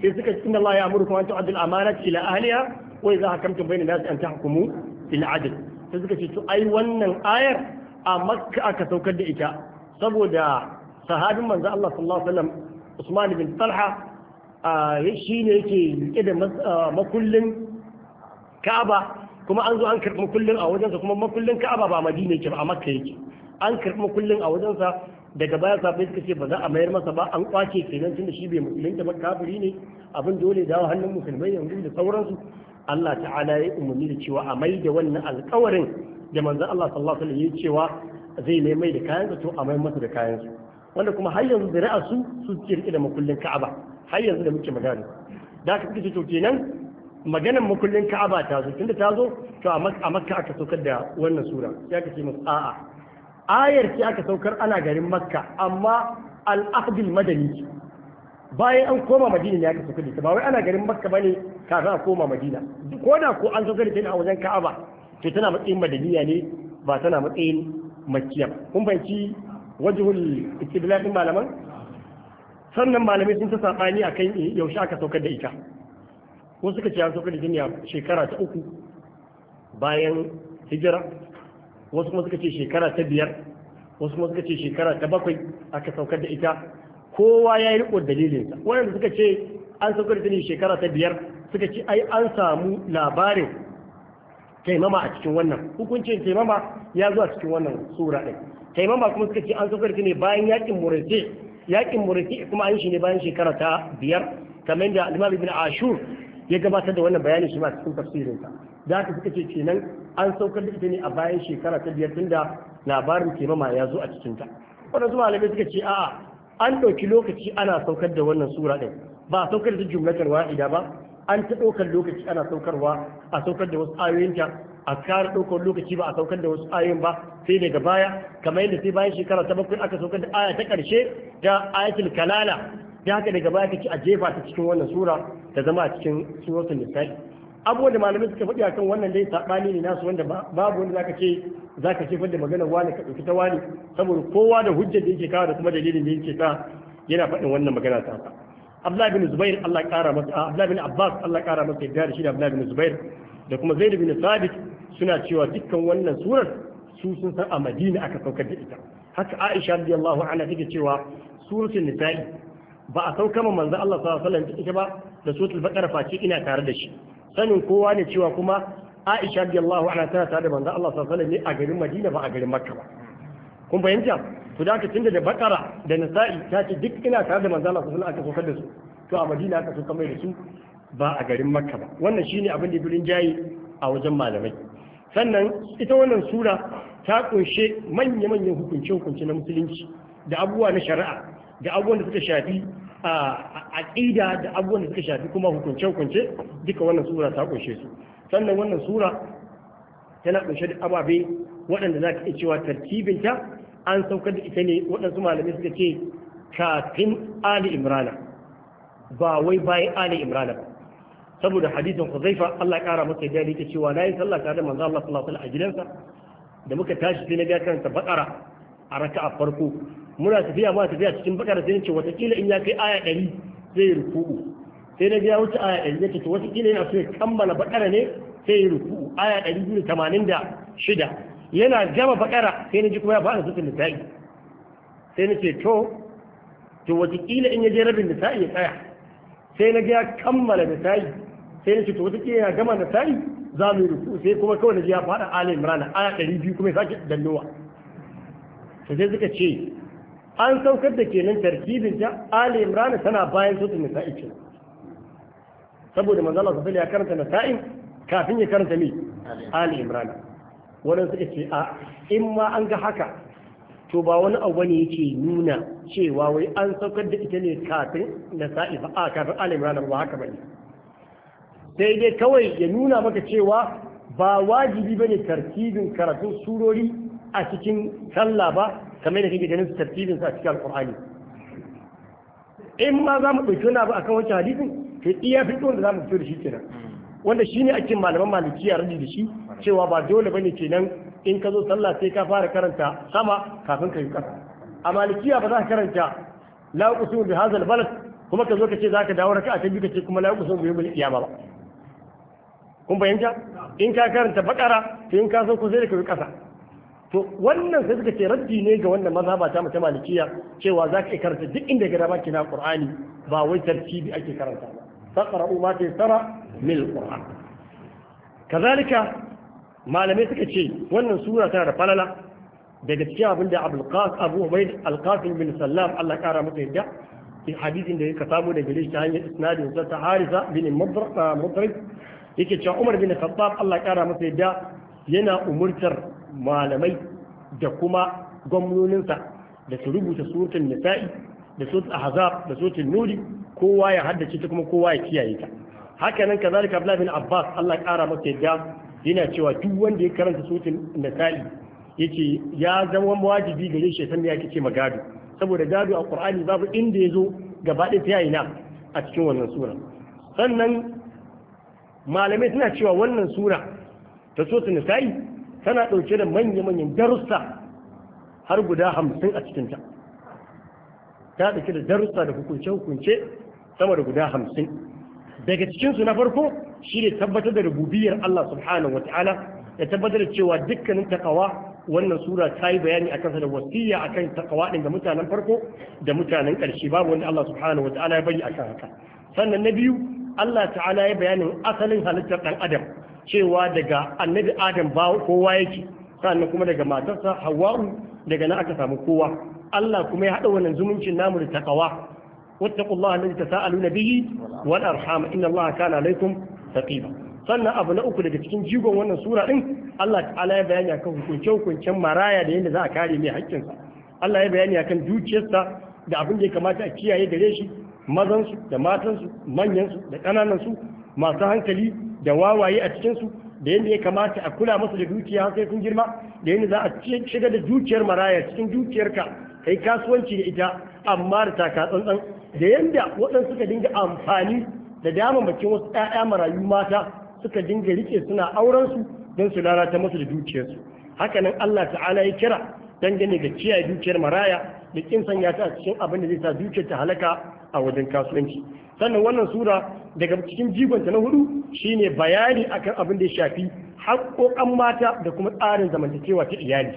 sai suka cikin Allah ya amurku amana tu'adul amanat ila ahliha wa idza hakamtum bayna nas an hukumu bil adl sai suka ce to ai wannan ayar a makka aka saukar da ita saboda sahabin manzo Allah sallallahu alaihi wasallam Usman bin Talha shi ne yake rike da makullin Ka'aba kuma an zo an karɓi makullin a wajensa kuma makullin Ka'aba ba Madina yake ba a Makka yake an karɓi makullin a wajensa daga baya sabai suka ce ba za a mayar masa ba an kwace kenan tunda shi bai musulunta da kafiri ne abin dole dawo hannun musulmai yanzu da sauransu Allah ta'ala ya umarni da cewa a mai da wannan alƙawarin da manzon Allah sallallahu alaihi wasallam ya cewa zai mai mai da kayansa to a mai masa da kayansa wanda kuma har yanzu da ra'asu su ke rike da makullin Ka'aba har yanzu da muke magana da aka kace to kenan maganan makullin Ka'aba ta zo tunda ta zo to a Makka aka saukar da wannan sura sai aka ce musu a'a ayar ce aka saukar ana garin Makka amma al-ahdil madani bayan an koma madina ne aka saukar da ba wai ana garin makka bane kafin a koma madina ko da ko an saukar da ta a wajen ka'aba to tana matsayin madaniya ne ba tana matsayin makkiya kun banci wajihul istidlal din malaman sannan malamai sun ta sabani akan yaushe aka saukar da ita wasu suka ce an saukar da jinya shekara ta uku bayan hijira wasu kuma suka ce shekara ta biyar wasu kuma suka ce shekara ta bakwai aka saukar da ita kowa ya yi riko dalilinsa wanda suka ce an saukar da shekara ta biyar suka ce ai an samu labarin taimama a cikin wannan hukuncin taimama ya zuwa cikin wannan sura ɗin taimama kuma suka ce an saukar ne bayan yakin murati yakin murati kuma an shi ne bayan shekara ta biyar kamar yadda al ibn ashur ya gabatar da wannan bayanin shi ma cikin tafsirin da haka suka ce kenan an saukar da ne a bayan shekara ta biyar tunda labarin taimama ya zo a cikin ta wannan zuwa malamai suka ce a'a an ɗauki lokaci ana saukar da wannan sura ɗin ba a saukar da jumlatar wa'ida ba an ta ɗaukar lokaci ana saukarwa a saukar da wasu ayoyinta a kare ɗaukar lokaci ba a saukar da wasu ayoyin ba sai daga baya kamar yadda sai bayan shekara ta bakwai aka saukar da aya ta ƙarshe ta ayatul kalala da haka daga baya kace a jefa ta cikin wannan sura ta zama a cikin suratul nisa'i abubuwan da malamai suka faɗi akan wannan dai saɓani ne nasu wanda babu wanda zaka ce zaka ce da maganar wani ka ɗauki ta wani saboda kowa da hujjar da yake kawo da kuma dalilin da yake sa yana faɗin wannan magana ta sa Abdullahi bin Zubair Allah ƙara masa Abdullahi bin Abbas Allah ƙara masa yadda da shi da Abdullahi bin Zubair da kuma Zaid bin Thabit suna cewa dukkan wannan surar su sun san a madina aka saukar da ita haka aisha radiyallahu anha take cewa suratul nisa'i ba a saukar ma manzo Allah sallallahu alaihi wasallam ita ba da suratul baqara face ina tare da shi sanin kowa ne cewa kuma aisha radiyallahu anha tana tare da manzo Allah sallallahu alaihi wasallam ne a garin madina ba a garin makka ba kun fahimta to da aka tunda da baqara da nisa'i ta ce duk ina tare da manzo Allah sallallahu alaihi wasallam aka saukar da su to a madina aka saukar mai da su ba a garin makka ba wannan shine abin da ibrin jayi a wajen malamai sannan ita wannan sura ta kunshe manya-manyan hukunce-hukunce na musulunci da abubuwa na shari'a da abubuwan da suka shafi a ƙida da abubuwan da suka shafi kuma hukunce-hukunce duka wannan sura ta kunshe su sannan wannan sura tana kunshe da ababe waɗanda za ka iya cewa tartibinta an saukar da ita ne waɗansu malamai suka ce kafin ali imrana ba wai bayan ali imrana ba saboda hadisin Huzaifa Allah ya kara masa yadda yake cewa nayi sallah tare da manzo Allah sallallahu alaihi a gidansa da muka tashi sai na ga karanta bakara a raka'a farko muna tafiya ma tafiya cikin bakara sai ce wata kila in ya kai aya 100 zai ruku'u sai na ga wuce aya 100 yace to wata kila yana so ya kammala bakara ne sai ya ruku'u aya 286 yana gama bakara sai na ji kuma ya fara sutun nisa'i sai na ce to to wata kila in ya je rabin nisa'i ya tsaya sai na ga ya kammala nisa'i sai na ce to wata yana gama na tayi za mu yi ruku sai kuma kawai na ji ya faɗa ala imrana aya ɗari biyu kuma ya sake dannowa to sai suka ce an saukar da kenan tarkibin ta ala imrana tana bayan sautin nisa'i ce saboda manzo Allah sallallahu ya karanta nisa'in kafin ya karanta mi ala imrana wannan suka ce a in ma an ga haka to ba wani abu ne yake nuna cewa wai an saukar da ita ne kafin nisa'i ba a kafin ala imrana ba haka bane sai dai kawai ya nuna maka cewa ba wajibi bane tartibin karatun surori a cikin sallah ba kamar da kake ganin tartibin sa a cikin alqur'ani in ma za mu ɗauki wani abu akan wancan hadisin to iya fito da za mu fito da shi kenan wanda shi ne ake malaman maliki radi da shi cewa ba dole bane kenan in ka zo sallah sai ka fara karanta sama kafin ka yi ƙasa a malikiya ba za ka karanta la bi hadha balad kuma ka zo ka ce za ka dawo raka'a ta biyu ka ce kuma la bi yawmil qiyamah ba kun fahimta in ka karanta bakara to in ka san ku sai da ka bi kasa to wannan sai suka ce raddi ne ga wannan mazhaba ta mace malikiya cewa za ka karanta duk inda ga dama kina qur'ani ba wai tartibi ake karanta ba faqra'u ma taysara min qur'an kazalika malamai suka ce wannan sura tana da falala daga cikin abin da Abdul Qas Abu Ubaid Al-Qasim bin Sallam Allah kara masa yadda hadisin da yake samu da gare shi ta hanyar isnadin sa ta Harisa bin yake cewa Umar bin Khattab Allah kara masa yadda yana umurtar malamai da kuma gwamnoninsa da su rubuta suratul nisa'i da suratul ahzab da suratul nuri kowa ya haddace ta kuma kowa ya kiyaye ta haka nan kazalika Abdullah bin Abbas Allah kara masa yadda yana cewa duk wanda ya karanta suratul nisa'i yace ya zama wajibi gare shi san me yake ce magado saboda gado a Qur'ani babu inda yazo gaba ɗaya ta yayi na a cikin wannan sura sannan malamai suna cewa wannan sura ta sotu nisa'i tana ɗauke da manya-manyan darussa har guda hamsin a cikinta ta ɗauke da darussa da hukunce-hukunce sama da guda hamsin daga cikinsu na farko shi ne tabbatar da rububiyar Allah subhanahu wa ta'ala ya tabbatar da cewa dukkanin takawa wannan sura ta yi bayani akan da a kan takawa ɗin ga mutanen farko da mutanen ƙarshe babu wanda Allah subhanahu wa ta'ala ya bari akan haka sannan na biyu Allah ta'ala ya bayanin asalin halittar ɗan adam cewa daga annabi adam ba kowa yake sannan kuma daga matarsa hawa'u daga nan aka samu kowa Allah kuma ya haɗa wannan zumuncin namu da taqawa wattaqullaha alladhi tasaaluna bihi wal arham inna Allah kana alaykum Saqiba. sannan abu na uku daga cikin jigon wannan sura din Allah ta'ala ya bayani akan hukunce hukuncen maraya da yadda za a kare mai haƙƙinsa Allah ya bayani akan dukiyarsa da abin da ya kamata a kiyaye gare shi mazansu da matansu manyansu da ƙananansu masu hankali da wawaye a cikinsu da yadda ya kamata a kula masa da dukiya sai sun girma da yadda za a shiga da dukiyar maraya cikin dukiyarka kai kasuwanci da ita amma da taka tsantsan da yadda waɗansu suka dinga amfani da damar bakin wasu ƴaƴa marayu mata suka dinga rike suna aurensu don su lalata masu da dukiyarsu hakanan Allah ta'ala ya kira dangane ga kiyaye dukiyar maraya da kin sanya ta cikin abin da zai sa dukiyar ta halaka a wajen kasuwanci sannan wannan sura daga cikin jigonta na hudu shine bayani akan abin da ya shafi haƙoƙan mata da kuma tsarin zamantakewa ta iyali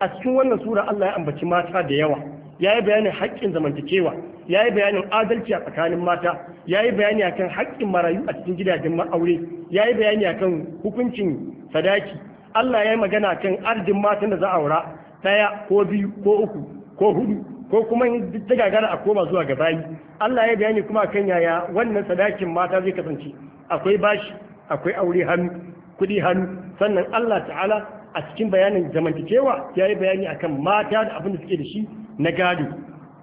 a cikin wannan sura Allah ya ambaci mata da yawa ya yi bayanin haƙƙin zamantakewa ya yi bayanin adalci a tsakanin mata ya yi bayani akan haƙƙin marayu a cikin gidajen ma'aure ya yi bayani akan hukuncin sadaki Allah ya yi magana kan ardin matan da za a aura ɗaya ko biyu ko uku ko hudu ko kuma duk a koma zuwa ga bayi Allah ya bayani kuma kan yaya wannan sadakin mata zai kasance akwai bashi akwai aure hannu kuɗi hannu sannan Allah ta'ala a cikin bayanin zamantakewa ya yi bayani akan mata da abin da suke da shi na gado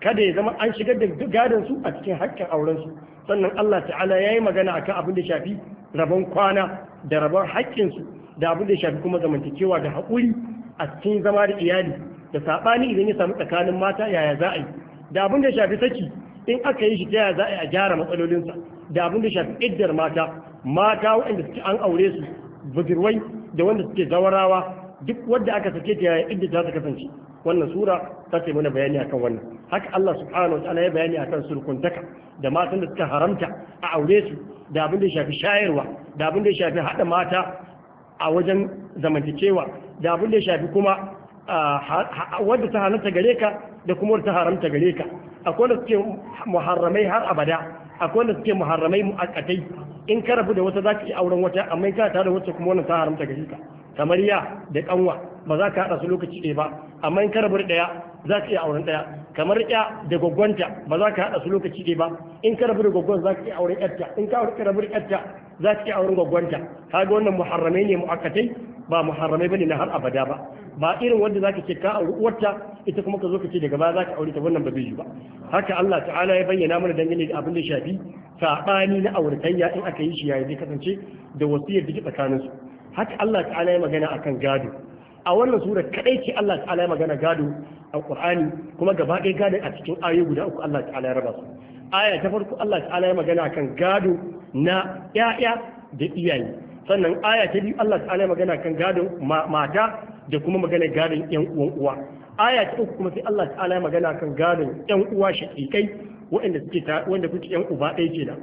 kada ya zama an shigar da gadon su a cikin hakkin auren su sannan Allah ta'ala ya yi magana akan abin da shafi rabon kwana da rabon hakkin su da abin da shafi kuma zamantakewa da haƙuri a cikin zama da iyali da saɓani idan ya samu tsakanin mata yaya za a yi da abin da shafi saki in aka yi shi ta yaya za a yi a gyara matsalolinsa da abin da shafi iddar mata mata waɗanda suke an aure su budurwai da wanda suke zawarawa duk wadda aka sake ta yaya idda za ta kasance wannan sura ta ce mana bayani akan wannan haka Allah subhanahu wataala ya bayani akan surkuntaka da matan da suka haramta a aure su da abin da ya shafi shayarwa da abin da ya shafi hada mata a wajen zamantakewa da abin da ya shafi kuma wadda ta halatta gare ka da kuma wadda ta haramta gare ka akwai da suke muharramai har abada akwai da suke muharramai muakatai in ka rabu da wata za ka iya auren wata amma ka tare da wata kuma wannan ta haramta gare ka kamar ya da kanwa ba za ka haɗa su lokaci ɗaya ba amma in ka rabu da ɗaya za ka iya auren ɗaya kamar ya da gwaggonta ba za ka haɗa su lokaci ɗaya ba in ka rabu da gwaggon za ka iya auren yarta in ka rabu da yarta za ka auren ga wannan muharramai ne mu'akkatai ba muharramai bane na har abada ba ba irin wanda ka ce ka auri uwarta ita kuma ka zo ka ce daga baya ka aure ta wannan ba zai yi ba haka Allah ta'ala ya bayyana mana dangane da abin da shafi sabani na auratayya in aka yi shi yayi zai kasance da wasiyar da tsakanin su haka Allah ta'ala ya magana akan gado a wannan sura kadai ce Allah ta'ala ya magana gado a kuma gaba ɗaya gadon a cikin ayoyi guda uku Allah ta'ala ya raba su aya ta farko Allah ta'ala ya magana kan gado na ƴaƴa da iyaye sannan aya ta biyu Allah ta'ala ya magana kan gadon mata da kuma magana gadon ƴan uwan uwa aya ta uku kuma sai Allah ta'ala ya magana kan gadon ƴan uwa shaƙiƙai waɗanda suke wanda kuke ƴan uba ɗaya da,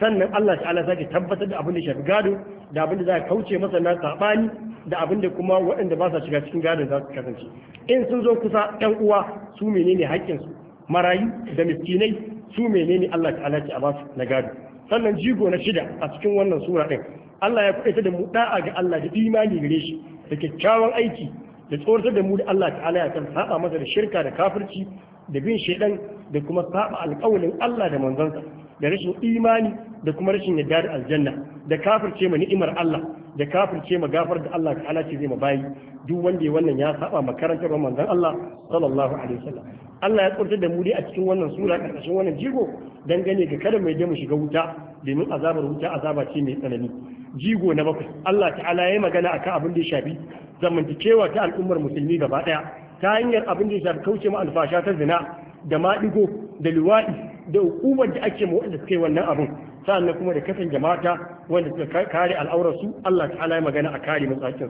sannan Allah ta'ala sake tabbatar da abin da shafi gado da abin da za a kauce masa na saɓani da abin da kuma waɗanda ba sa shiga cikin gadon za su kasance in sun zo kusa ɗan uwa su menene haƙƙinsu marayu da miskinai su menene Allah ta'ala ce a basu na gado sannan jigo na shida a cikin wannan sura ɗin Allah ya kuɗaita da mu da'a ga Allah da imani gare shi da kyakkyawan aiki da tsoratar da mu da Allah ta'ala ya kan saba masa da shirka da kafirci da bin shaidan da kuma saba alƙawalin Allah da manzansa da rashin imani da kuma rashin yadda da aljanna da kafirce ma ni'imar Allah da ce ma gafar da Allah ta'ala ce zai ma bayi duk wanda ya wannan ya saba makarantar manzon Allah sallallahu alaihi wasallam Allah ya tsorta da mu dai a cikin wannan sura karkashin wannan jigo dangane ga kada mai mu shiga wuta domin azabar wuta azaba ce mai tsanani jigo na bakwai Allah ta'ala ya yi magana akan abin da ya shafi zamantakewa ta al'ummar musulmi gaba daya ta hanyar abin da ya shafi kauce ma alfasha ta zina da maɗigo da luwaɗi da hukumar da ake ma waɗanda suka yi wannan abin sa'annan kuma da kasan mata wanda suka kare al'aurarsu Allah ta'ala ya magana a kare musu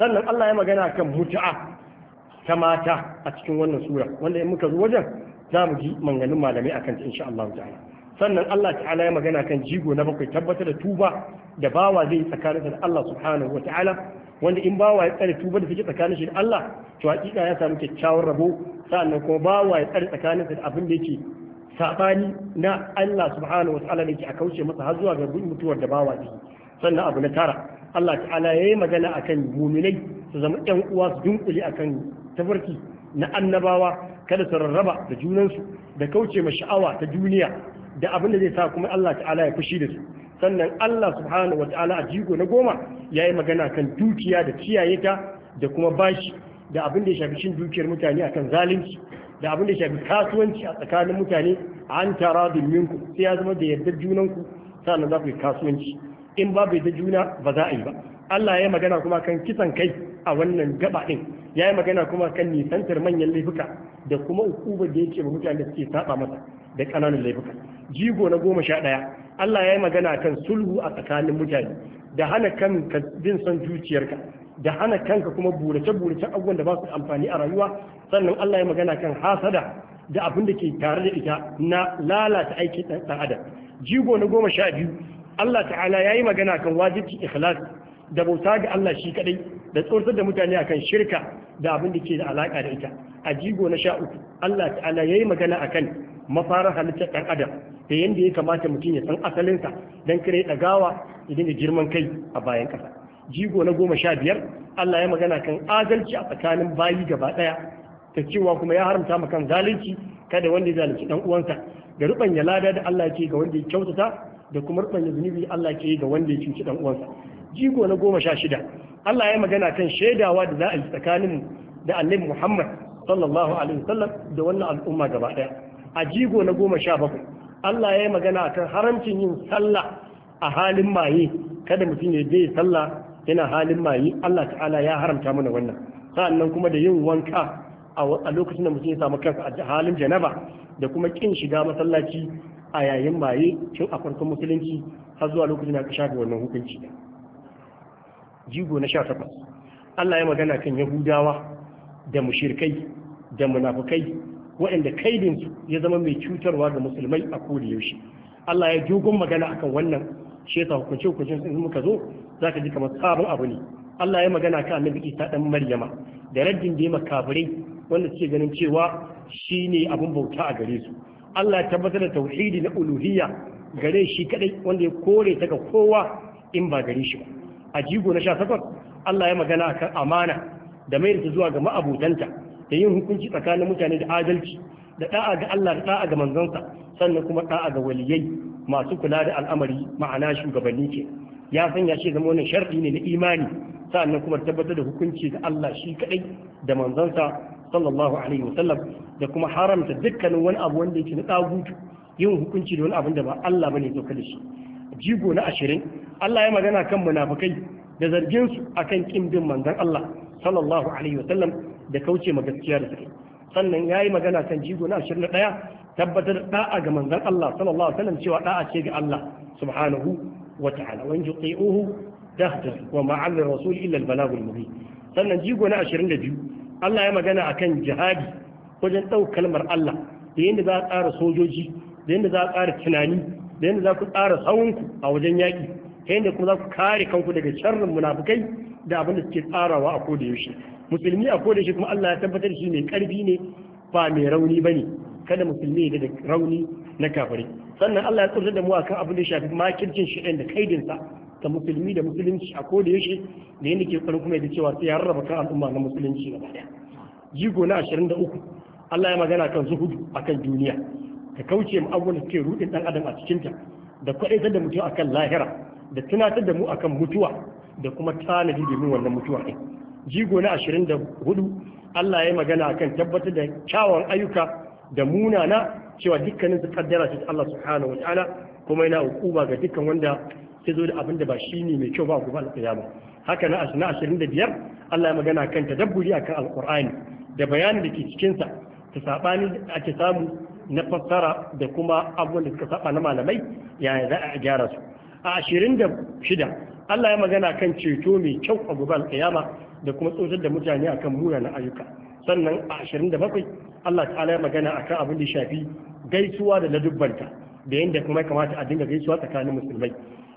sannan Allah ya magana kan mutu'a ta mata a cikin wannan sura wanda in muka zo wajen za mu ji manganin malamai akan ta insha Allah ta'ala sannan Allah ta'ala ya magana kan jigo na bakwai tabbatar da tuba da bawa zai yi tsakaninsa da Allah subhanahu wa ta'ala wanda in bawa ya tsare tuba da take tsakanin shi da Allah to hakika ya samu kyakkyawar rabo sannan kuma bawa ya tsare tsakaninsa da abin da yake sabani na Allah subhanahu wataala ne ke a kauce masa har zuwa ga mutuwar da bawa ji sannan abu na tara Allah ta'ala ya yi magana akan muminai su zama ƴan uwa su dunkule akan tafarki na annabawa kada su rarraba da junansu da kauce ma sha'awa ta duniya da abin da zai sa kuma Allah ta'ala ya fushi da su sannan Allah subhanahu wa ta'ala a jigo na goma ya yi magana kan dukiya da kiyaye da kuma bashi da abin da ya shafi cin dukiyar mutane akan zalunci da abin da shafi kasuwanci a tsakanin mutane an tara minku sai ya zama da yadda junanku sannan za ku yi kasuwanci in ba bai da juna ba za a yi ba Allah ya magana kuma kan kisan kai a wannan gaba ɗin ya yi magana kuma kan nisantar manyan laifuka da kuma ukubar da yake ba mutane da suke saba masa da ƙananan laifuka jigo na goma sha ɗaya Allah ya yi magana kan sulhu a tsakanin mutane da hana kan bin son zuciyarka da hana kanka kuma burace-burace abubuwan da ba su amfani a rayuwa sannan Allah ya magana kan hasada da abin da ke tare da ita na lalata aiki ɗan adam jigo na goma sha biyu Allah ta'ala ya yi magana kan wajibci ikhlas da bauta ga Allah shi kadai da tsorsar da mutane akan shirka da abin da ke da alaka da ita a jigo na sha uku Allah ta'ala ya yi magana akan mafarar halittar ɗan adam da yadda ya kamata mutum ya san asalinsa don kare ɗagawa idan da girman kai a bayan ƙasa jigo na goma sha biyar Allah ya magana kan adalci a tsakanin bayi gaba ɗaya ta cewa kuma ya haramta ma kan zalunci kada wanda ya zalunci dan uwansa da rubanya lada da Allah ke ga wanda ya kyautata da kuma rubanya zunubi Allah ke ga wanda ya cuci dan uwansa jigo na goma sha shida Allah ya magana kan shaidawa da za a yi tsakanin da annabi Muhammad sallallahu alaihi wasallam da wannan al'umma gaba ɗaya a jigo na goma sha bakwai Allah ya yi magana kan haramcin yin sallah a halin maye kada mutum ya je sallah yana halin mayi Allah ta'ala ya haramta mana wannan sa'annan kuma da yin wanka a lokacin da mutum ya samu kansa a halin janaba da kuma kin shiga masallaci a yayin maye tun a farkon musulunci har zuwa lokacin da aka shafe wannan hukunci jigo na sha takwas Allah ya magana kan Yahudawa da mushirkai da munafukai waɗanda kaidinsu ya zama mai cutarwa ga musulmai a koda yaushe Allah ya jogon magana akan wannan shi yasa hukunce hukuncin sun muka zo za ka ji kamar sabon abu ne Allah ya magana ka annabi Isa dan Maryama da raddin da ya makafirai wanda suke ganin cewa shi ne abun bauta a gare su Allah ya tabbatar da tauhidi na uluhiyya gare shi kadai wanda ya kore ta ga kowa in ba gare shi ba a jigo na 18 Allah ya magana akan amana da mai da zuwa ga ma'abutanta da yin hukunci tsakanin mutane da adalci da da'a ga Allah da da'a ga manzansa sannan kuma da'a ga waliyai masu kula da al'amari ma'ana shugabanni ke ya sanya shi zama wannan sharɗi ne na imani sa'annan kuma tabbatar da hukunci ga Allah shi kadai da manzansa sallallahu alaihi wasallam da kuma haramta dukkanin wani abu wanda yake na tsagutu yin hukunci da wani abu da ba Allah bane ya kada shi jigo na ashirin Allah ya magana kan munafikai da zargin su akan kin bin manzon Allah sallallahu alaihi wasallam da kauce ma gaskiya da suke sannan yayi magana kan jigo na 21 tabbatar da'a ga manzon Allah sallallahu alaihi wasallam cewa da'a ce ga Allah subhanahu wa ta'ala wa in yuti'uhu tahtadu wa ma rasul illa al-balagh al-mubin sannan jigo na 22 Allah ya magana akan jihadi wajen ɗaukar kalmar Allah da yadda za a tsara sojoji da yadda za a tsara tunani da yadda za ku tsara tsawonku a wajen yaki da yadda kuma za ku kare kanku daga sharrin munafukai da abin da suke tsarawa a koda yaushe musulmi a koda yaushe kuma Allah ya tabbatar shi mai ƙarfi ne ba mai rauni bane kada musulmi ya da rauni na kafiri sannan Allah ya tsarda da mu akan abin da shafi makircin shi'an da kaidinsa ta musulmi da musulunci a koda yaushe da yadda ke kwarin kuma da cewa sai ya rarraba kan al'umma na musulunci gaba daya jigo na 23 Allah ya magana kan zuhudu akan duniya ka kauce mu abubuwan da suke rudin dan adam a cikinta da kwadaitar da mutum akan lahira da tunatar da mu akan mutuwa da kuma tanadi domin wannan mutuwa ɗin jigo na 24 Allah ya magana akan tabbatar da kyawun ayyuka da munana cewa dukkanin su kaddara ce Allah subhanahu wa ta'ala kuma yana hukuma ga dukkan wanda ya zo da abin da ba shi ne mai kyau ba gobe alƙiyama haka na ashirin ashirin da biyar Allah ya magana kan tadabburi akan alƙur'ani da bayanin da ke cikinsa ta saɓani ake samu na fassara da kuma abubuwan da suka saba na malamai yaya za a gyara su a ashirin da shida Allah ya magana kan ceto mai kyau a gobe alƙiyama da kuma tsotar da mutane akan munanan ayyuka sannan a 27 Allah ta'ala ya magana a kan abin da shafi gaisuwa da ladubbanta da yadda kuma ya kamata a dinga gaisuwa tsakanin musulmai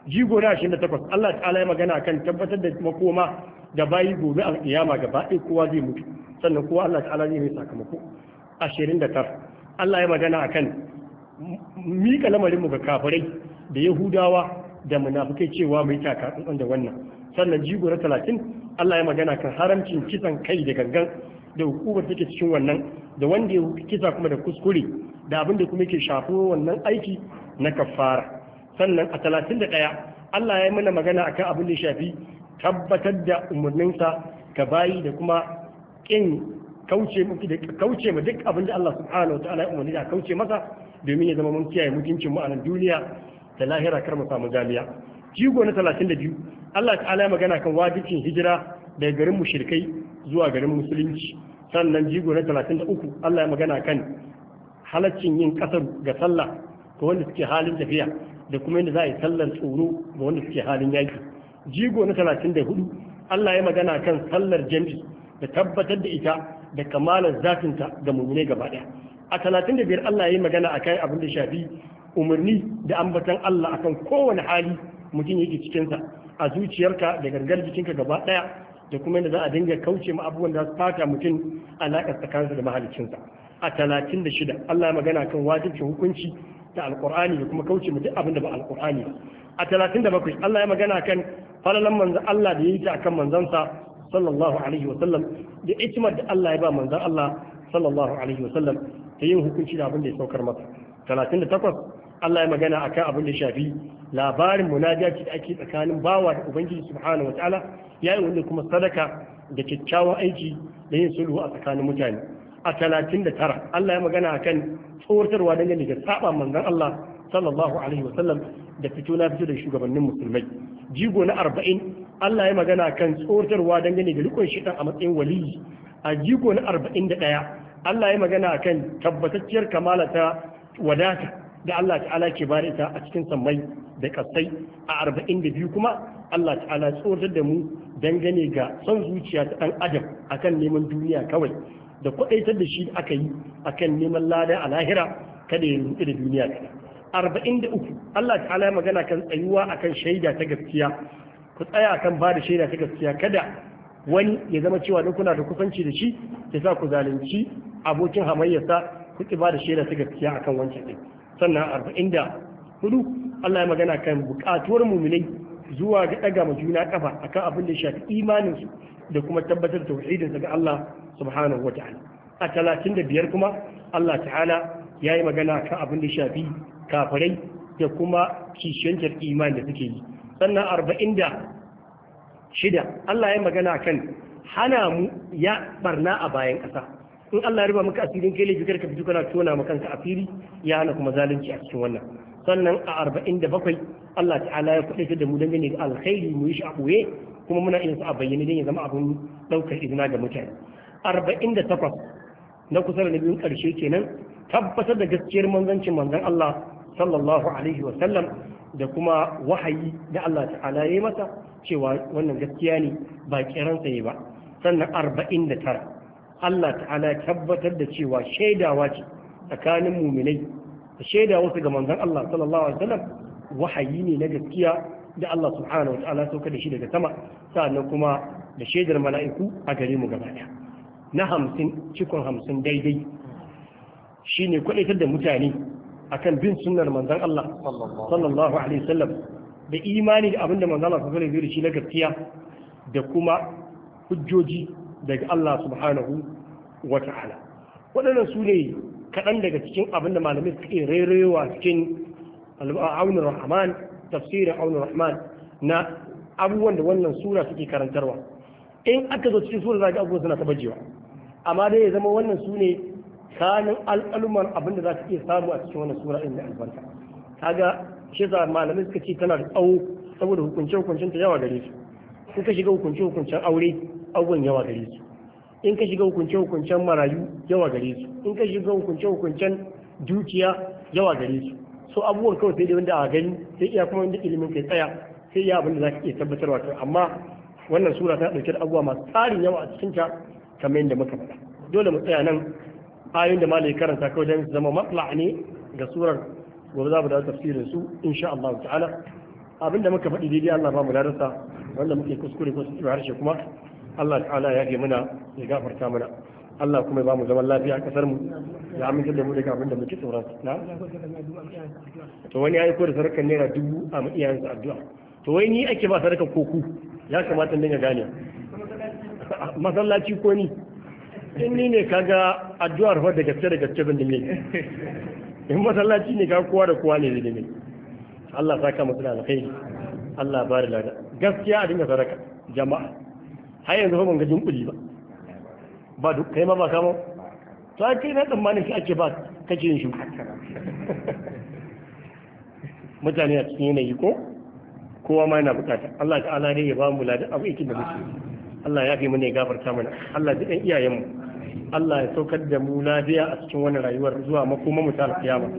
jigo na 28 Allah ta'ala ya magana a kan tabbatar da makoma da bayi gobe a kiyama gaba ɗaya kowa zai mutu sannan kowa Allah ta'ala zai yi sakamako 29 Allah ya magana a kan lamarin mu ga kafirai da yahudawa da munafukai cewa mai taka da wannan sannan jigo na 30 Allah ya magana kan haramcin kisan kai da gangan da hukumar take cikin wannan da wanda ya kisa kuma da kuskure da abin kuma yake shafo wannan aiki na kafara sannan a talatin da ɗaya Allah ya yi mana magana akan abin da ya shafi tabbatar da umarninsa ka bayi da kuma ƙin kauce kauce ma duk abin da Allah subhanahu wa ta'ala ya umarni da kauce masa domin ya zama mun kiyaye mutuncin mu a nan duniya da lahira kar mu samu jami'a jigo na 32 Allah ta'ala ya magana kan wajibin hijira daga garin mushirkai zuwa garin musulunci sannan jigo na 33 Allah ya magana kan halaccin yin kasar ga sallah ga wanda suke halin tafiya da kuma yadda za a yi sallar tsoro ga wanda suke halin yaki jigo na 34 Allah ya magana kan sallar jami da tabbatar da ita da kamalar zafinta ga mummune gaba daya a 35 Allah ya yi magana a kayan abin da shafi umarni da ambatan Allah akan kowane hali mutum yake cikinsa a zuciyarka da gangar jikinka gaba daya da kuma yadda za a dinga kauce ma abubuwan da su fata mutum alaƙa tsakaninsa da mahaliccinsa a talatin da shida Allah magana kan wajibcin hukunci da alƙur'ani da kuma kauce mu duk abin da ba alƙur'ani a talatin da bakwai Allah ya magana kan falalan manzan Allah da ya yi ta akan manzansa sallallahu alaihi wa sallam da hikimar da Allah ya ba manzan Allah sallallahu alaihi wa sallam ta yin hukunci da abin da ya saukar masa talatin da takwas Allah ya magana akan abin da ya shafi labarin munajaci da ake tsakanin bawa da ubangiji subhanahu wa ta'ala yayin wanda kuma sadaka da kyakkyawan aiki da yin sulhu a tsakanin mutane a talatin da tara Allah ya magana kan tsoratarwa dangane da saba manzan Allah sallallahu alaihi wa sallam da fito na fito da shugabannin musulmai jigo na arba'in Allah ya magana kan tsoratarwa dangane da rikon shi a matsayin waliyi a jigo na arba'in da ɗaya Allah ya magana kan tabbatacciyar kamala ta wadata da Allah ta'ala ke bada ita a cikin sammai da kasai a arba'in da biyu kuma Allah ta'ala tsoratar da mu dangane ga son zuciya ta ɗan adam akan neman duniya kawai da kwaɗaitar da shi aka yi akan neman lada a lahira kada ya rufe da duniya kada arba'in da uku Allah ta'ala ya magana kan tsayuwa akan shaida ta gaskiya ku tsaya akan ba da shaida ta gaskiya kada wani ya zama cewa don kuna da kusanci da shi ya sa ku zalunci abokin hamayyarsa ku ki ba da shaida ta gaskiya akan wancan ɗin sannan arba'in da hudu Allah ya magana kan bukatuwar muminai zuwa ga ɗaga ma juna kafa akan abin da shafi imaninsu da kuma tabbatar da tauhidinsa ga Allah subhanahu wa ta'ala a talatin da biyar kuma Allah ta'ala ya yi magana kan abin da shafi kafirai da kuma kishiyantar imani da suke yi sannan arba'in da shida Allah ya magana kan hana mu ya barna a bayan ƙasa in Allah ya riba maka asirin kai laifi karka fito kana tona maka kanka asiri ya hana kuma zalunci a cikin wannan sannan a arba'in da bakwai Allah ta'ala ya kuɗe da mu dangane da alkhairi mu yi shi a ɓoye kuma muna yin su a bayyane don ya zama abin ɗaukar izina ga mutane arba'in da takwas na kusa da biyun ƙarshe kenan tabbatar da gaskiyar manzancin manzan Allah sallallahu alaihi wa sallam da kuma wahayi da Allah ta'ala ya yi masa cewa wannan gaskiya ne ba kiransa ne ba sannan arba'in da tara Allah ta'ala tabbatar da cewa shaidawa ce tsakanin muminai da shaida wasu ga manzan Allah sallallahu alaihi wa sallam wahayi ne na gaskiya da Allah subhanahu wa ta'ala sauka da shi daga sama sa'annan kuma da shaidar mala'iku a gare mu gaba ɗaya na hamsin cikon hamsin daidai shine kwadaitar da mutane akan bin sunnar manzon Allah sallallahu alaihi wasallam da imani da abinda manzon Allah sallallahu alaihi wasallam na gaskiya da kuma hujjoji daga Allah subhanahu wa ta'ala waɗannan su ne kaɗan daga cikin abin da malamai suke rerewa cikin aunin rahman tafsirin aunin rahman na abubuwan da wannan sura suke karantarwa in aka zo cikin sura zaka abubuwan suna ta amma dai ya zama wannan su ne kanin al'alumar abin da za ka iya samu a cikin wannan sura inda da albarka kaga shi sa malamai suka ce tana da tsawo saboda hukunce hukuncen ta yawa gare su in ka shiga hukunce hukuncen aure abubuwan yawa gare su in ka shiga hukunce hukuncen marayu yawa gare su in ka shiga hukunce hukuncen dukiya yawa gare su so abubuwan kawai sai dai wanda a gani sai iya kuma wanda ilimin kai tsaya sai iya abin da za ka iya tabbatarwa kai amma wannan sura ta ɗauke da abubuwa masu tsarin yawa a cikin ta kamar yadda muka faɗa dole mu tsaya nan ayoyin da malai karanta kawai don zama matsala ne ga surar gobe za mu dawo tafsirin su insha Allah ta'ala abin muka faɗi daidai Allah ba mu darasa wanda muke kuskure ko su harshe kuma Allah ta'ala ya ke mana ya gafarta mana Allah kuma ba mu zaman lafiya a kasar mu ya aminta da mu daga abin da muke tsoron na to wani aiko da sarakan naira dubu a iyayensa addu'a to wai ni ake ba sarakan koku ya kamata in dinga gane masallaci ko ni in ni ne kaga addu'a rufar da gaske da gaske bin dinne in masallaci ne ka kowa da kowa ne da ne Allah saka musu da alkhairi Allah bari lada gaskiya a dinga saraka. jama'a har yanzu ba mun ga jinkuli ba ba duk kai ma ba kama to an kai na tsammanin shi ake ba kake yin shi mutane a cikin yanayi ko kowa ma yana bukata Allah ala ne ya ba mu ladi abu yake da muke Allah ya fi mu ne gafarta mana Allah duk ɗan mu. Allah ya saukar da mu lafiya a cikin wannan rayuwar zuwa makoma mu ta alƙiyama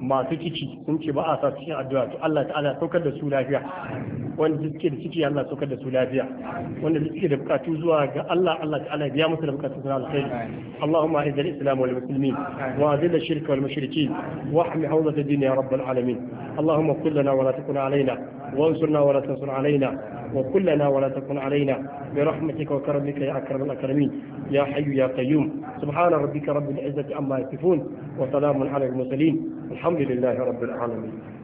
masu ciki sun ce ba a sa cikin addu'a to Allah ta'ala saukar da su lafiya wanda suke da ciki Allah saukar da su lafiya wanda suke da bukatu zuwa ga Allah Allah ta'ala biya musu da bukatu zuwa alkhairi Allahumma a'izz al-islam wal muslimin wa adil ash-shirk wal mushrikeen wa ahmi hawzat ad-din ya rabb al-alamin Allahumma qul lana wa la takun علينا وانصرنا ولا تنصر علينا وكن لنا ولا تكن علينا برحمتك وكرمك يا أكرم الأكرمين يا حي يا قيوم سبحان ربك رب العزة عما يصفون وسلام على المرسلين الحمد لله رب العالمين